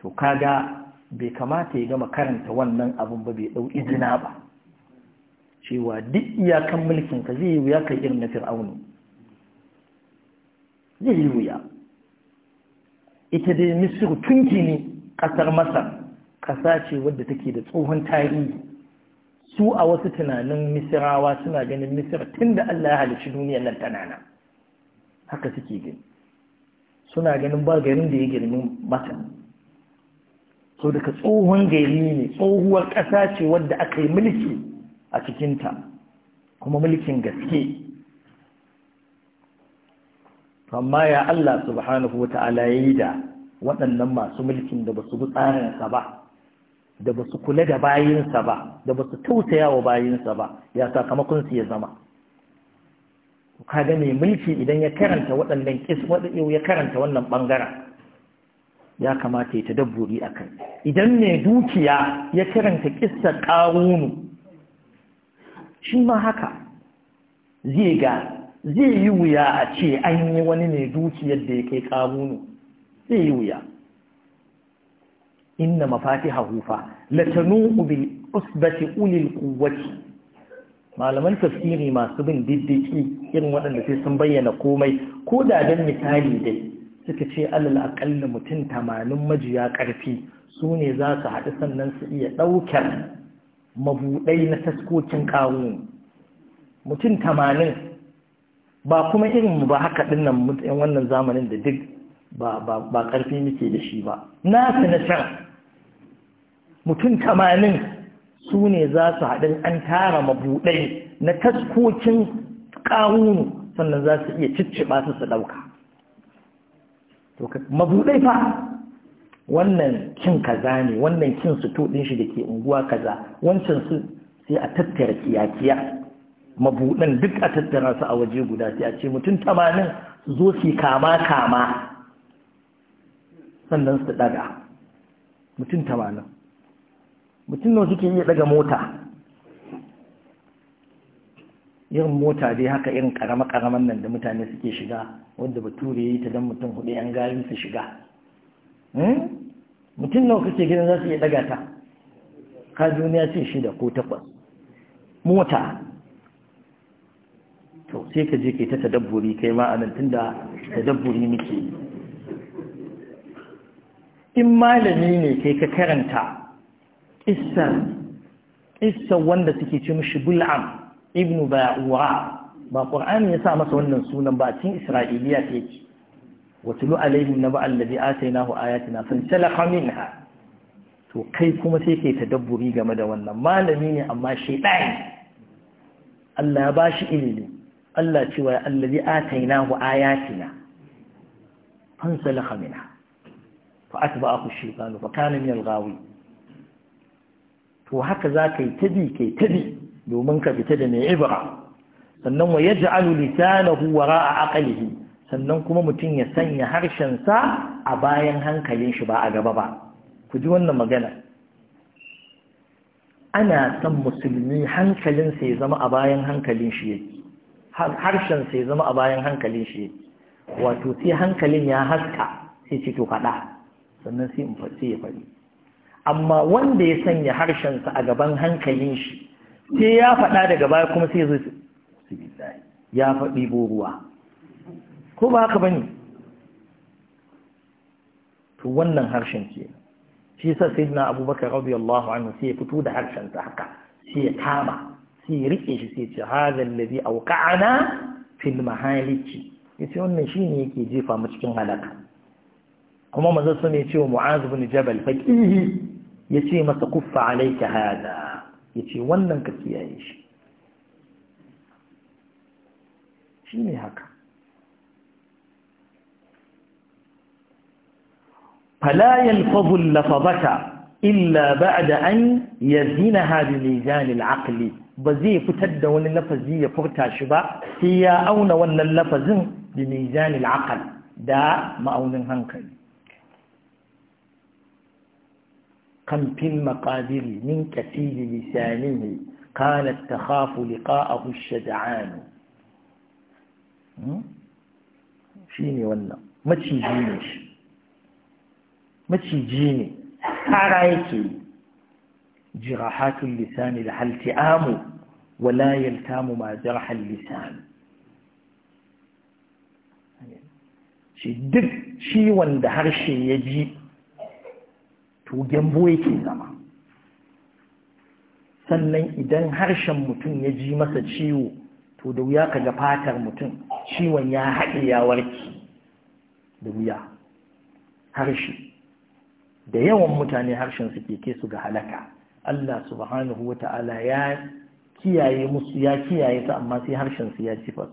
S1: to kaga bai kamata ya gama karanta wannan abin ba bai dau izina ba cewa duk iyakan mulkinka zai yi wuya kai irin na fir'aunu zai yi wuya ita dai misiru tunki ne ƙasar masar ƙasa ce wadda take da tsohon tarihi su a wasu tunanin misirawa suna ganin misira tun da Allah ya halici duniyar nan tana haka suke gani suna ganin ba garin da ya girmi mata so daga tsohon gari ne tsohuwar ƙasa ce wadda aka yi mulki a cikinta kuma mulkin gaske amma ya Allah subhanahu wa ta'ala ya yi da waɗannan masu mulkin da ba su bi tsarinsa ba da ba su kula da bayinsa ba da ba su tausaya wa bayinsa ba ya sakamakon su ya zama kaga mai mulki idan ya karanta waɗannan kis ya karanta wannan ɓangaren ya kamata ya tadabburi a kai idan mai dukiya ya karanta ƙisar ƙarunu shi ma haka zai ga zai yi wuya a ce an yi wani mai dukiyar da ya kai ƙarunu zai yi wuya inna mafatihahu fa latanu bil usbati ulil quwwati malaman tafsiri masu bin diddiki irin waɗanda sai sun bayyana komai ko da dan misali dai suka ce alal aqalla mutum tamanin majiya karfi su ne za su haɗu sannan su iya ɗaukar mabuɗai na taskokin kawo mutum tamanin, ba kuma irin ba haka ɗinnan nan wannan zamanin da duk ba ƙarfi muke da shi ba nasu na can mutum tamanin su ne za su haɗin an tara mabuɗai na taskokin ƙarunu sannan za su iya cicci su su ɗauka mabuɗai fa wannan kin kaza ne wannan kin su tuɗin shi da ke unguwa kaza wancan su sai a tattara kiyakiya mabuɗan duk a tattara su a waje guda sai a ce mutum tamanin su zo su kama kama sannan su ɗaga mutum tamanin mutum nawa suke iya daga mota irin mota dai haka irin karama karaman nan da mutane suke shiga wadda bature yi ta don mutum hudu yan garin su shiga hmm? mutum nawa kake gidan za su iya daga ta ka duniya ce shida ko takwas mota to sai ka je kai ta tadabburi kai ma anan tunda tadabburi muke in malami ne kai ka karanta ƙissa ƙissa wanda suke ce mishi bul'am ibnu ba'ura ba ƙur'ani ya sa masa wannan sunan ba cikin isra'iliya ta yake watulu alaihim naba allazi atainahu ayatina fansalakha minha to kai kuma sai kai tadabburi game da wannan malami ne amma shaytan Allah ya bashi ilimi Allah cewa allazi atainahu ayatina fansalakha minha fa atba'ahu shaytanu fa kana min al-ghawi to haka za ka yi tabi kai tabi domin ka fita da mai ibra sannan wa ya ja'alu lisanahu a aqlihi sannan kuma mutum ya sanya harshen sa a bayan hankalin shi ba a gaba ba ku ji wannan magana ana san musulmi hankalin sa ya zama a bayan hankalin shi yake harshen sa ya zama a bayan hankalin shi wato sai hankalin ya haska sai ce to faɗa sannan sai in sai ya faɗi amma wanda ya sanya harshensa a gaban hankalin shi sai ya faɗa daga baya kuma sai zo ya faɗi ruwa ko ba haka bane to wannan harshen ke shi sa sayyidina abubakar radiyallahu anhu sai ya fito da harshen sa haka sai ya kama sai ya rike shi sai ya ce hadha alladhi awqa'ana fil mahaliki yace wannan shine yake jefa mu cikin halaka kuma manzon sun ya ce wa mu'az ibn jabal faqih yace masa kuffa alayka hada yace wannan ka kiyaye shi shine haka fala yalfadhu lafadaka illa ba'da an yazinaha bi mizan al'aql ba zai fitar da wani lafazi ya furta shi ba sai ya auna wannan lafazin da mizan al'aql da ma'aunin hankali كم في المقادر من كثير لسانه قالت تخاف لقاءه الشجعان شيني ولا ما تشيجيني ما تشيجيني عليك جراحات اللسان لها التئام ولا يلتام ما جرح اللسان شدد شي وندهر da يجيب to gyambo yake zama sannan idan harshen mutum ya ji masa ciwo to da wuya ga fatar mutum ciwon ya haɗe ya warki da wuya harshe da yawan mutane harshen su keke su ga halaka Allah subhanahu wa ta'ala ya kiyaye musu ya kiyaye su amma sai harshen su ya ci Sai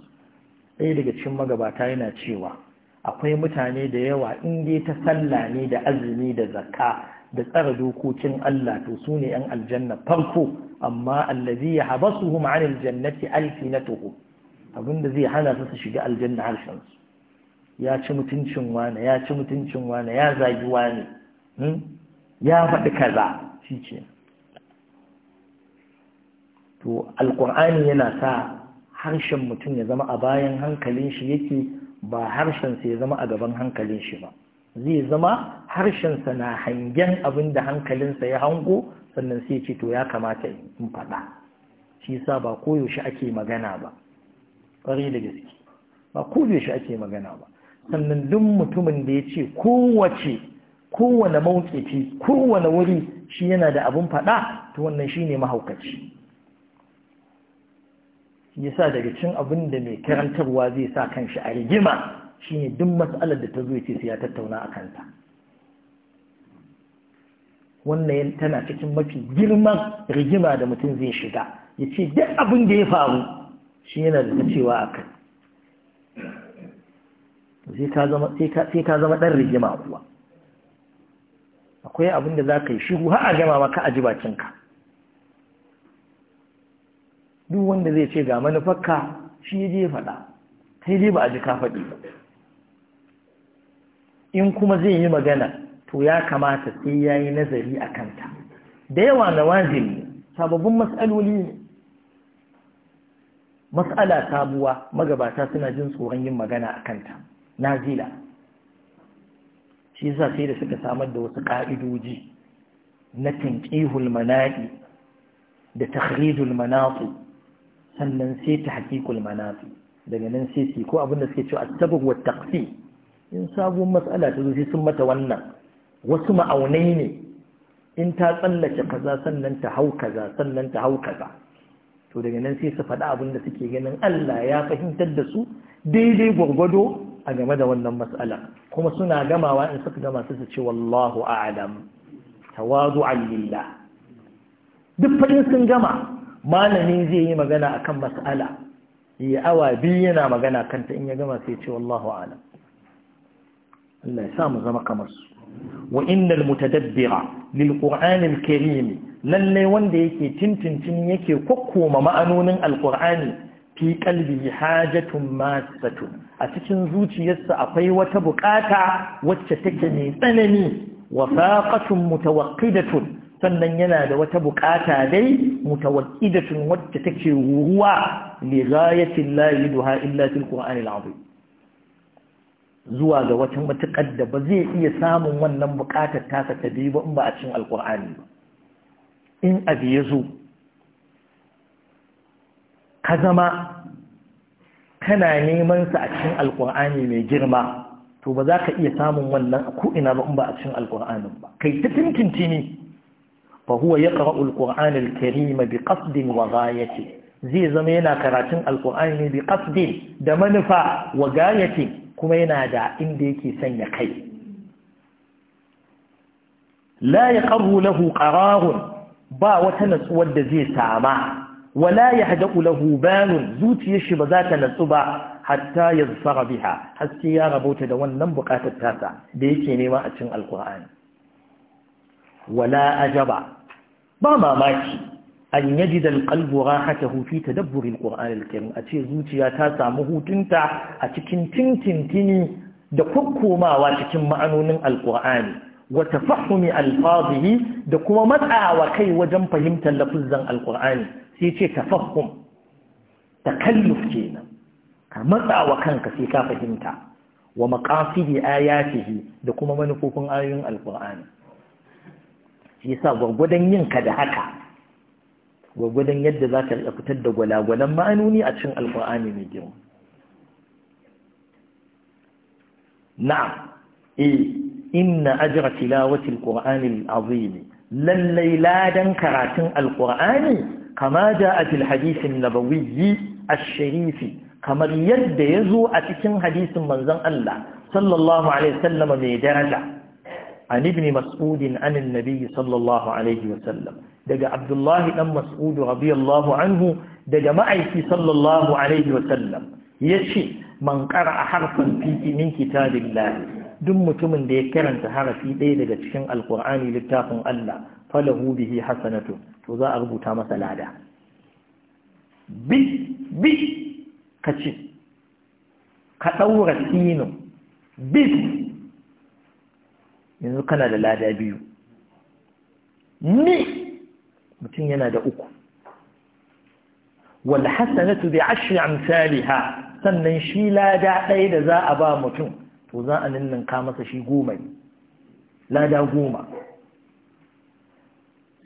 S1: ɗaya daga cikin magabata yana cewa akwai mutane da yawa in dai ta sallah ne da azumi da zakka da tsara dokokin Allah to su ne ‘yan aljanna farko amma allazi ya haba su hu ma’anin jannati alfi na toho abinda zai hana su su shiga aljanna harshensu ya ci mutuncin wane ya ci mutuncin wane ya zagi wane hmm? ya faɗi kaza shi ce to alƙur'ani yana sa harshen mutum ya zama a bayan hankalin shi yake ba harshen sai ya zama a gaban hankalin shi ba zai zama harshensa na hangen abin da hankalinsa ya hango sannan sai ce to ya kamata in faɗa shi sa ba koyaushe ake magana ba ƙwarai da gaske ba koyaushe ake magana ba sannan duk mutumin da ya ce kowace kowane mawukici kowane wuri shi yana da abin faɗa to wannan shi ne mahaukaci yasa daga cin abin da mai karantarwa zai sa kanshi a rigima ne duk matsalar da ta zo ce sai ya tattauna a kanta wannan tana cikin mafi girman rigima da mutum zai shiga ya ce duk abin da ya faru shi yana da cewa a kai sai ka zama ɗan rigima kuwa akwai abin da za ka yi shiru ruha a gama maka a ji bakinka duk wanda zai ce ga manufarka shi ya je faɗa kai dai ba a ji ka faɗi ba in kuma zai yi magana to ya kamata sai ya yi nazari a kanta da yawa na wazini sababbin matsaloli ne matsala sabuwa magabata suna jin tsoron yin magana a kanta nazila shi yasa sai da suka samar da wasu ƙa'idoji na tinƙihul mana'i da takhrijul manaqi sannan sai ta tahqiqul manaqi daga nan sai ko abin da suke cewa at-sabab wa taqsim in sabuwar matsala ta sai sun mata wannan wasu ma'aunai ne in ta tsallake kaza sannan ta hau kaza sannan ta hau kaza to daga nan sai su faɗi abin da suke ganin Allah ya fahimtar da su daidai gwargwado a game da wannan matsala kuma suna gamawa in suka gama su ce wallahu a'lam tawazu lillah duk fadin sun gama malami zai yi magana akan mas'ala ya awa biyu yana magana kanta in ya gama sai ce wallahu a'lam Allah ya sa mu zama kamar su wa innal mutadabbira lil qur'anil karim lalle wanda yake tintintin yake kokkoma ma'anonin alqur'ani fi qalbi hajatun masatu a cikin zuciyarsa akwai wata bukata wacce take mai tsanani wa faqatun mutawaqqidatun sannan yana da wata bukata dai mutawaqqidatun wacce take ruruwa li ghayatil la duha illa fil qur'anil azim zuwa ga wata matuƙar da ba zai iya samun wannan buƙatar tasa ta biyu ba in ba a cin alƙur'ani ba in abu ya zo ka zama kana neman sa a cikin alƙur'ani mai girma to ba za ka iya samun wannan a ko'ina ba in ba a cikin alƙur'anin ba kai ta ne? fa huwa yaqra'u alqur'ana alkarima bi qasdin wa ghayati zai zama yana karatun alƙur'ani bi qasdin da manufa wa ghayati kuma yana da inda yake sanya kai la ya ƙarru lahu ƙararun ba wata natsuwar da zai sama wala ya haɗa lahu banun zuciyar shi ba za ta natsu ba hatta ya zufara biha haske ya rabauta da wannan buƙatar tasa da yake nema a cin alƙur'ani wala ajaba ba mamaki an yaji da alƙalbu rahata hufi ta dabburin ƙur'an a ce zuciya ta samu hutunta a cikin tintintini da kukkumawa cikin ma'anonin alƙur'ani Wa fahimi alfazihi da kuma matsawa kai wajen fahimtar lafizan alƙur'ani sai ce ta ta kalluf kenan ka matsawa kanka sai ka fahimta wa maƙafidi ayatihi da kuma manufofin ayoyin alƙur'ani shi yasa gwargwadon yinka da haka gwagwadon yadda za ka riƙa fitar da gwalagwalan ma'anoni a cikin alƙur'ani mai girma na'am eh inna ajra tilawati alqur'ani alazim lallai ladan karatun alqur'ani kama jaa fil hadisin nabawiyyi nabawi ash-sharifi kamar yadda yazo a cikin hadisin manzon Allah sallallahu alaihi wasallam mai daraja an ibn mas'ud an sallallahu alaihi wasallam daga abdullahi dan mas'udu radiyallahu anhu daga ma'aiki sallallahu alaihi wa sallam yace man a harfan fi min kitabillah duk mutumin da ya karanta harafi ɗaya daga cikin alkur'ani littafin Allah falahu bihi hasanatu to za a rubuta masa lada bi bi kace ka ɗaura sino bi yanzu kana da lada biyu ni mutum yana da uku wal hasanatu bi ashri amsalha sannan shi lada ɗaya da za a ba mutum to za a ka masa shi goma ne lada goma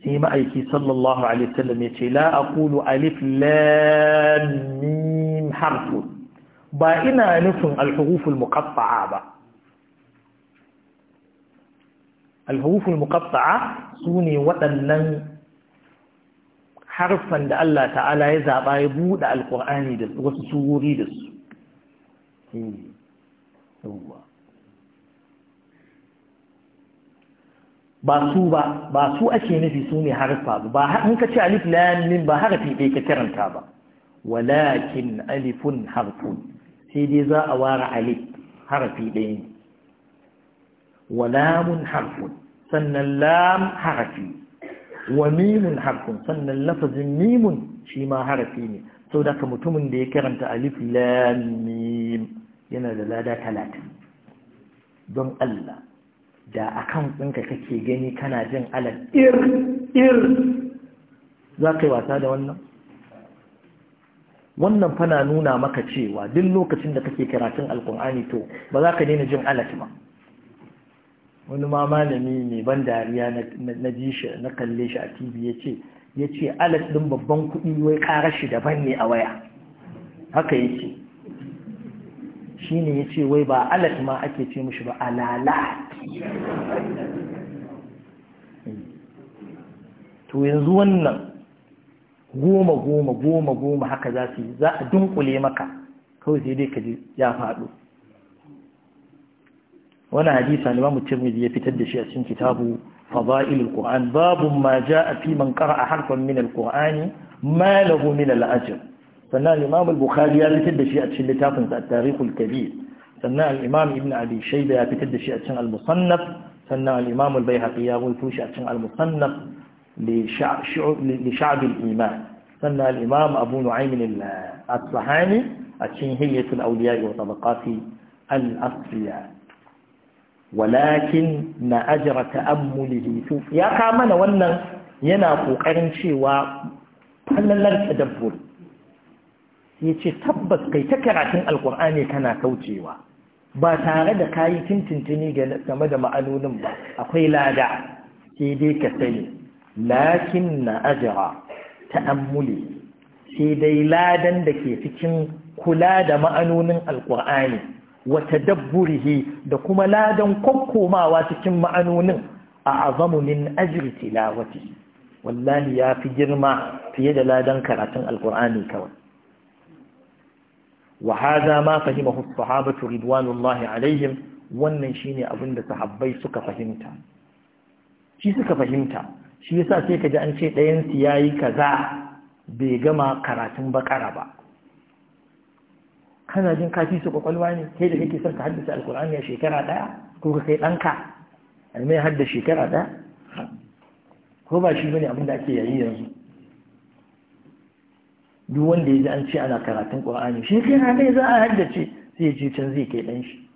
S1: sai ma'aiki sallallahu alaihi wasallam ya ce la aqulu alif lam mim harfu ba ina nufin al-huruf al-muqatta'a ba al-huruf al-muqatta'a sune waɗannan harfan da Allah ta'ala ya zaɓa ya buɗe alƙur'ani da wasu surori da su hmm. ba su ba ba su ake nufi su ne harfa ba in ka ce alif lamin ba harfi ɗaya ka karanta ba walakin alifun harfun sai dai za a ware alif harfi ɗaya ne walamun harfun sannan lam harfi wa mimun harfin sannan lafazin mimun shi ma harafi ne sau da mutumin da ya karanta alif lamim yana da lada talatin don Allah da a kan tsinka kake gani kana jin alal ir ir za ka yi wasa da wannan wannan fana nuna maka cewa duk lokacin da kake karatun alkur'ani to ba za ka daina jin alat ba wani ma malami ne ban dariya na ji shi na kalle shi a tv ya ce ya ce alas ɗin babban kuɗi wai ƙarar shi daban ne a waya haka ya ce shi ne ya ce wai ba alas ma ake ce mushi ba alala to yanzu wannan goma goma goma goma haka za su yi za a dunkule maka kawai sai dai ka ji ya faɗo wani hadisi al-Imam Tirmidhi ya fitar da shi a cikin kitabu Fadail al-Qur'an babu ma jaa fi man qara'a harfan min al-Qur'ani ma lahu min al-ajr sannan Imam al-Bukhari ya fitar da shi a cikin littafin sa At-Tarikh al-Kabir sannan al-Imam Ibn Abi Shayba ya fitar da shi a cikin al-Musannaf sannan al-Imam al-Baihaqi ya rawaito shi a cikin al-Musannaf li Sha'b al-Iman sannan al-Imam Abu Nu'aym al-Asfahani a cikin Hayyatul Awliya wa Tabaqati al-Asfiya walakin na ajira ta'ammulihi to ya ka mana wannan yana ƙoƙarin cewa fallalar tadabbur ce tabbas kai ta karatun alkur'ani kana kaucewa ba tare da kayi tintintini game da ma'anonin ba akwai lada sai dai ka sani lakin na ajira ta'ammuli sai dai ladan da ke cikin kula da ma'anonin alkur'ani Wata dabburihi da kuma ladan kwakkomawa cikin ma'anonin a azamunin min lawati. wallahi ya fi girma fiye da ladan karatun Alkur'ani kawai wa hadha ma fahimahu sahabatu ridwanullahi alaihim wannan shine abin da sahabbai suka fahimta shi suka fahimta shi yasa sai kaji an ce ɗayan su yayi kaza bai gama karatun bakara ba kana jin kafi su kwakwalwa ne kai da kake son ka haddace alkur'ani a shekara ɗaya ko ka kai ɗanka almai hadda shekara ɗaya ko ba shi bane abin da ake yayi yanzu duk wanda ya ji an ce ana karatun ƙur'ani shekara ɗaya za a haddace sai ya ce can zai kai ɗan shi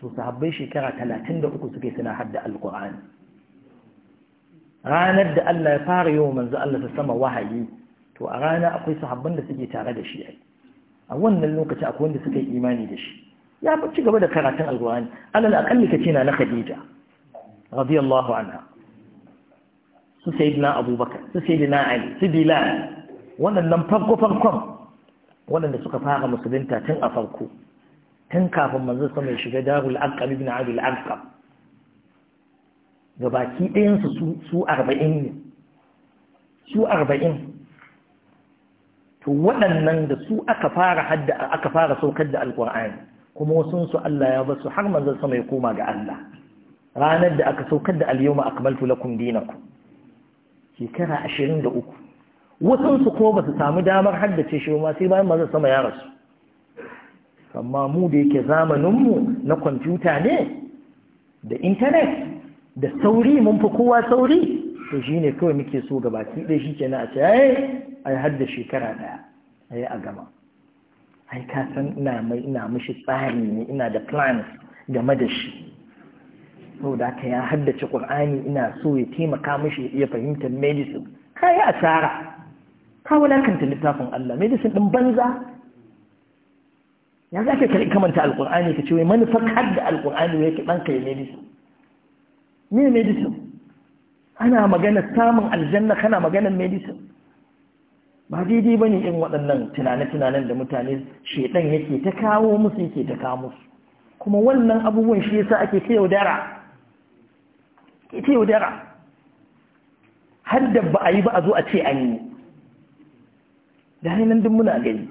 S1: to sahabbai shekara talatin da uku suke suna hadda alkur'ani ranar da Allah ya fara yau manzo Allah ta sama wahayi to a rana akwai sahabban da suke tare da shi ai a wannan lokaci akwai wanda suka yi imani da shi ya fi ci gaba da karatun alkur'ani alal akalli ka ce na na khadija radiyallahu anha su sayyidina abubakar su sayyidina ali su bilal farko farkon waɗanda suka fara musulunta tun a farko tun kafin manzo sama ya shiga darul aqab ibn abdul aqab gabaki ɗayan su su 40 ne su 40 to waɗannan da su aka fara hadda aka fara saukar da alqur'ani kuma wasun su Allah ya basu har manzon sama ya koma ga Allah ranar da aka saukar da al-yawma akmaltu lakum dinakum shekara 23 wasun su kuma ba su samu damar haddace shi ba sai bayan manzon sama ya rasu amma mu da yake zamanin mu na kwamfuta ne da intanet da sauri mun fi kowa sauri to shi ne kawai muke so gabaki ɗaya shi ke kenan a ce ai ai har da shekara ɗaya ai a gama ai ka san ina mai ina mishi tsari ne ina da plans game da shi da ka ya haddace qur'ani ina so ya taimaka mishi ya fahimtar medicine kai asara ka wulakanta littafin Allah medicine ɗin banza ya zaka kai kamanta alqur'ani ce wai manufar hadda alqur'ani wai ka danka ya medicine me medicine ana magana samun aljanna kana maganar medicine ba daidai ba ne in waɗannan tunane-tunanen da mutane shaidan yake ta kawo musu yake ta kawo musu kuma wannan abubuwan shi yasa ake ta yaudara ke ta yaudara har ba a yi ba a zo a ce an yi da hannun duk muna gani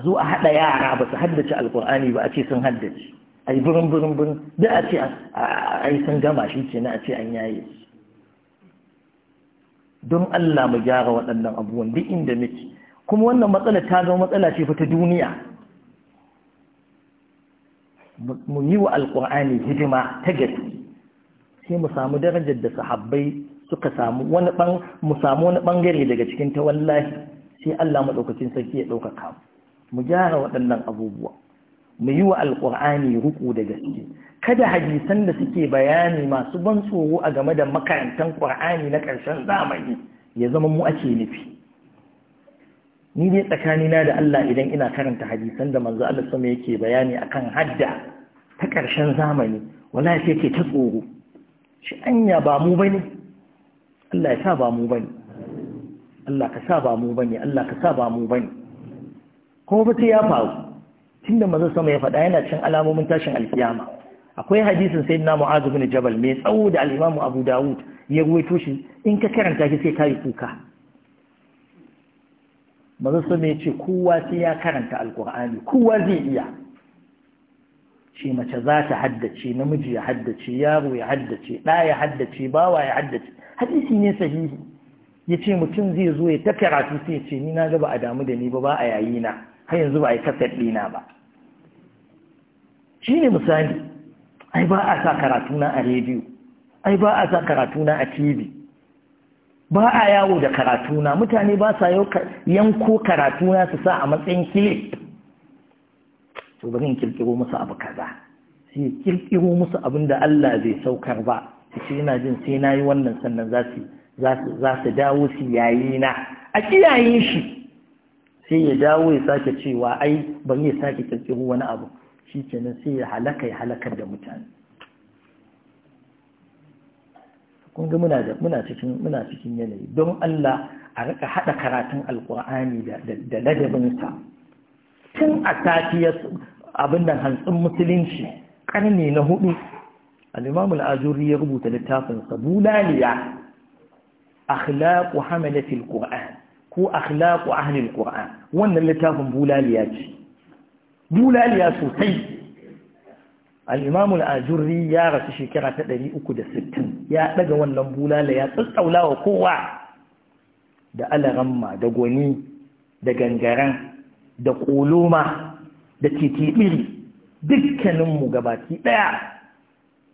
S1: a zo a haɗa yara ba su haddace alƙur'ani ba a ce sun haddace a yi birin birin birin da a ce a yi san gama shi ke na a ce an yaye don Allah mu gyara waɗannan abubuwan duk inda muke kuma wannan matsala ta zama matsala ce fa ta duniya mu yi wa alƙur'ani hidima ta gaske sai mu samu darajar da sahabbai suka samu wani ɓan mu samu wani bangare daga cikin ta wallahi sai Allah madaukakin sarki ya ɗaukaka mu gyara waɗannan abubuwa mu yi wa alƙur'ani ruku da gaske kada hadisan da suke bayani masu ban tsoro a game da makarantar ƙur'ani na ƙarshen zamani ya zama mu ake nufi ni dai tsakanina da Allah idan ina karanta hadisan da manzo Allah sama yake bayani akan hadda ta ƙarshen zamani wala shi ke ta tsoro shi anya ba mu bane Allah ya sa ba mu bane Allah ka sa ba mu bane Allah ka sa ba mu bane ko ba ta ya faru tunda manzo sama ya faɗa yana cin alamomin tashin alkiyama akwai hadisin na mu'azu na jabal mai tsawo da alimamu abu dawud ya ruwaito shi in ka karanta shi sai yi kuka manzo sama ya ce kowa sai ya karanta alkur'ani kowa zai iya ce mace za ta haddace namiji ya haddace yaro ya haddace ɗa ya haddace bawa ya haddace hadisi ne sahihi ya ce mutum zai zo ya ta karatu sai ya ce ni na gaba a damu da ni ba ba a yayi na har yanzu ba a yi kaset ɗina ba shi ne misali ai ba a sa karatuna a rediyo ai ba a sa karatuna a tv ba a yawo da karatuna mutane ba sa yanko karatuna su sa a matsayin kile to ba zan kirkiro musu abu kaza sai kirkiro musu abin da Allah zai saukar ba sai jin sai na yi wannan sannan za za su dawo su yayi na a kiyaye shi sai ya dawo ya sake cewa ai bari ya sake kirkiro wani abu shi kenan sai ya halaka ya halakar da mutane kun ga muna cikin muna cikin yanayi don Allah a rika hada karatun alkur'ani da da tun a safiyar abin da hantsin musulunci karni na hudu al-imam ya rubuta littafin sa bulaliya akhlaq hamalatil qur'an ko akhlaqu ahli alquran wannan littafin bulaliya ce bulaliya sosai al-imam al ya rasu shekara ta 360 ya daga wannan bulala ya kowa da alaramma da goni da gangaran da koloma da titibiri dukkaninmu gabaki daya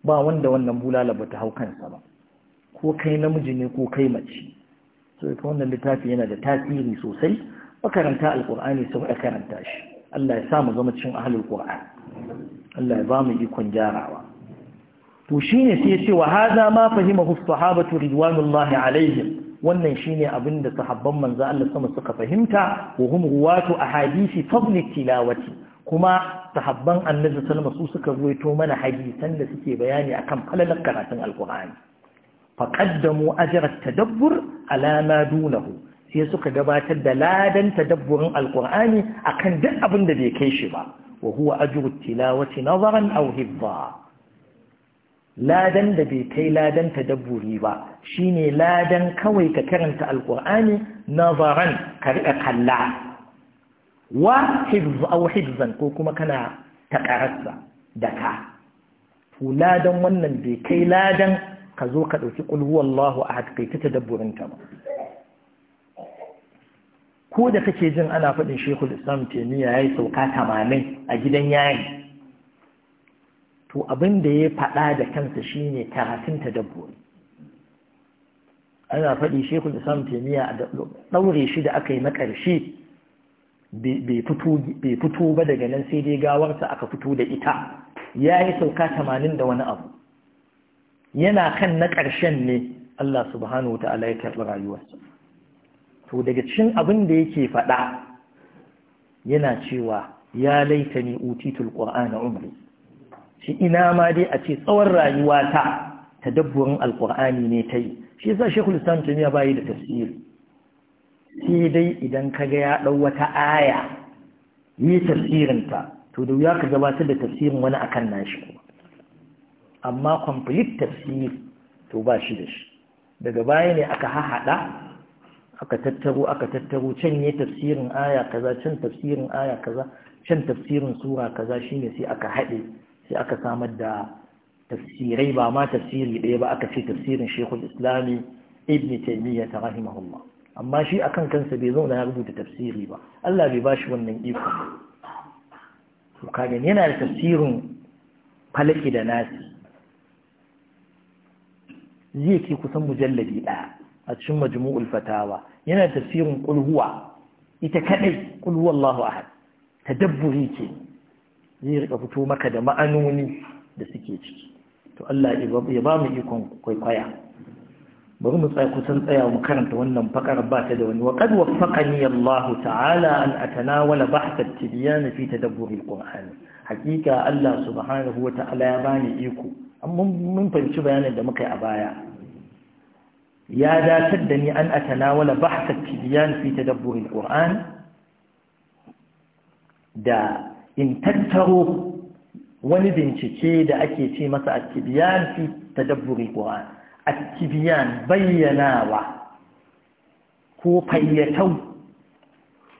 S1: ba wanda wannan bulala bata hau kansa ba ko kai namiji ne ko kai mace so ka wannan littafi yana da tasiri sosai makaranta alkur'ani sau da karanta shi Allah ya sa mu zama cikin ahlul qur'an Allah ya ba mu ikon gyarawa to shine sai ya ce wa hadha ma fahimahu as-sahabatu ridwanullahi alaihim wannan shine abin da sahabban manza Allah sama suka fahimta wa hum ruwatu ahadisi fadli tilawati kuma sahabban annabi sallallahu alaihi wasallam su suka ruwaito mana hadisan da suke bayani akan falalar karatun alkur'ani faƙaddamu ajirar tadabbur alama dunahu sai suka gabatar da ladan tadabburin alƙur'ani a kan duk abin da bai kai shi ba wa huwa ajirar tilawati nazaran auhibba ladan da bai kai ladan tadabburi ba shine ladan kawai ka karanta alƙur'ani na ka riƙa kalla wa hibzan ko kuma kana taƙararsa da ka ladan wannan bai kai ladan ka zo ka ɗauki ƙulhuwallahu a kai ta ta ba ko da kake jin ana faɗin shekul islam taimiyya ya yi sauka tamanin a gidan yayi to abin da ya faɗa da kansa shine karatun tadabburi ana faɗi shekul islam taimiyya a ɗaure shi da aka yi na ƙarshe bai fito ba daga nan sai dai gawarsa aka fito da ita ya yi sauka tamanin da wani abu yana kan na ƙarshen ne Allah subhanahu wa ta'ala ya karɓi rayuwarsa to daga cikin abin da yake faɗa yana cewa ya laita ni utitul qur'ana umri shi ina ma dai a ce tsawon rayuwata tadabburin alqur'ani ne ta yi shi yasa shekul islam tumiya bayi da tafsiri sai dai idan ka ga ya ɗau wata aya yi ta, to da wuya ka gabatar da tafsirin wani akan nashi amma complete tafsir to ba shi da shi daga baya ne aka hahada aka tattaro aka tattaro can ne tafsirin aya kaza can tafsirin aya kaza can tafsirin sura kaza shine sai aka haɗe sai aka samar da tafsirai ba ma tafsiri ɗaya ba aka ce tafsirin Sheikhul islami ibn taimiyya ta rahimahullah amma shi akan kansa bai zo ya rubuta tafsiri ba Allah bai bashi wannan iko to yana da tafsirin falaki da nasi zai ke kusan mujalladi ɗaya a cikin majmu'ul fatawa yana tafsirin kulhuwa ita kadai kulhuwa Allahu ahad tadabburi ke zai rika fito maka da ma'anoni da suke ciki to Allah ya ba mu ikon kwaikwaya bari mu tsaya kusan tsaya mu karanta wannan fakar ba ta da wani wa qad waffaqani Allah ta'ala an atanawala bahth at-tibyan fi tadabbur al-Qur'an hakika Allah subhanahu wa ta'ala ya bani iko amma mun fahimci bayanin da muka yi a baya ya datar da ni an atanawala bahsa tibiyan fi tadabbur alquran da in tattaro wani bincike da ake ce masa a tibyan fi tadabbur alquran A tibyan bayyanawa ko fayyatau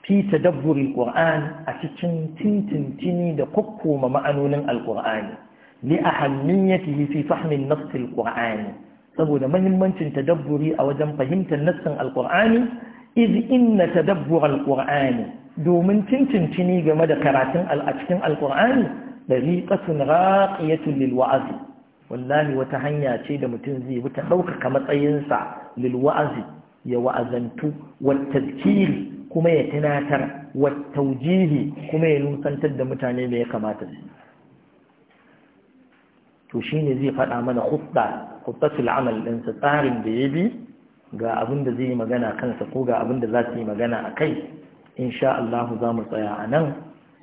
S1: fi tadabbur alquran a cikin tintintini da kokkoma ma'anonin alqurani li ahammiyatihi fi fahmi an-nass saboda mahimmancin tadabburi a wajen fahimtar nassin alkur'ani iz inna tadabbur alqur'ani domin cincincini game da karatun a cikin alqur'ani dariqatun raqiyatun lil wa'azi wallahi wata hanya ce da mutum zai bi ta ɗaukaka matsayinsa lil wa'azi ya wa'azantu wa tazkiri kuma ya tunatar wa taujihi kuma ya nusantar da mutane da ya kamata su to shine zai faɗa mana khutba kuttatul amal ɗinsa tsarin da ya bi ga abin da zai yi magana kansa ko ga abin da za su yi magana a kai sha Allah za mu tsaya a nan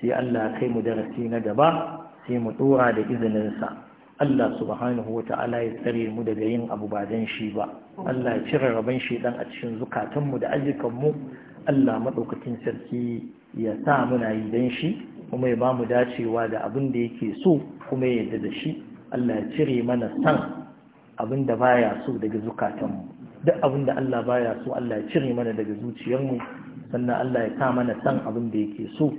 S1: sai Allah kai mu darasi na gaba sai mu ɗora da izininsa Allah subhanahu wa ta'ala ya tsare mu daga yin abu ba dan shi ba Allah ya cire rabon shi dan a cikin zukatanmu da ayyukanmu Allah maɗaukakin sarki ya sa muna yi dan shi kuma ya ba mu dacewa da abin da yake so kuma ya yarda da shi Allah ya cire mana san abin da baya so daga zukatanmu duk abin da Allah baya so Allah ya cire mana daga zuciyarmu sannan Allah ya sa mana san abin da yake so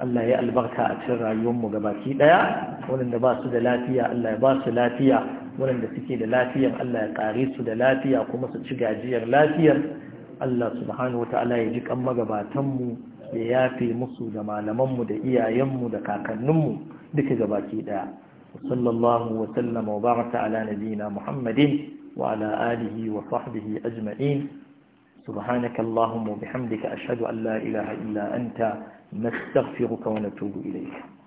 S1: Allah ya albarka a cikin rayuwarmu gabaki daya waɗanda ba su da lafiya Allah ya ba su lafiya waɗanda suke da lafiyar Allah ya kare su da lafiya kuma su ci gajiyar lafiyar Allah subhanahu wata'ala ya ji kan magabatanmu ya yafe musu da malamanmu da iyayenmu da kakanninmu duka gabaki daya صلى الله وسلم وبارك على نبينا محمد وعلى آله وصحبه أجمعين سبحانك اللهم وبحمدك أشهد أن لا إله إلا أنت نستغفرك ونتوب إليك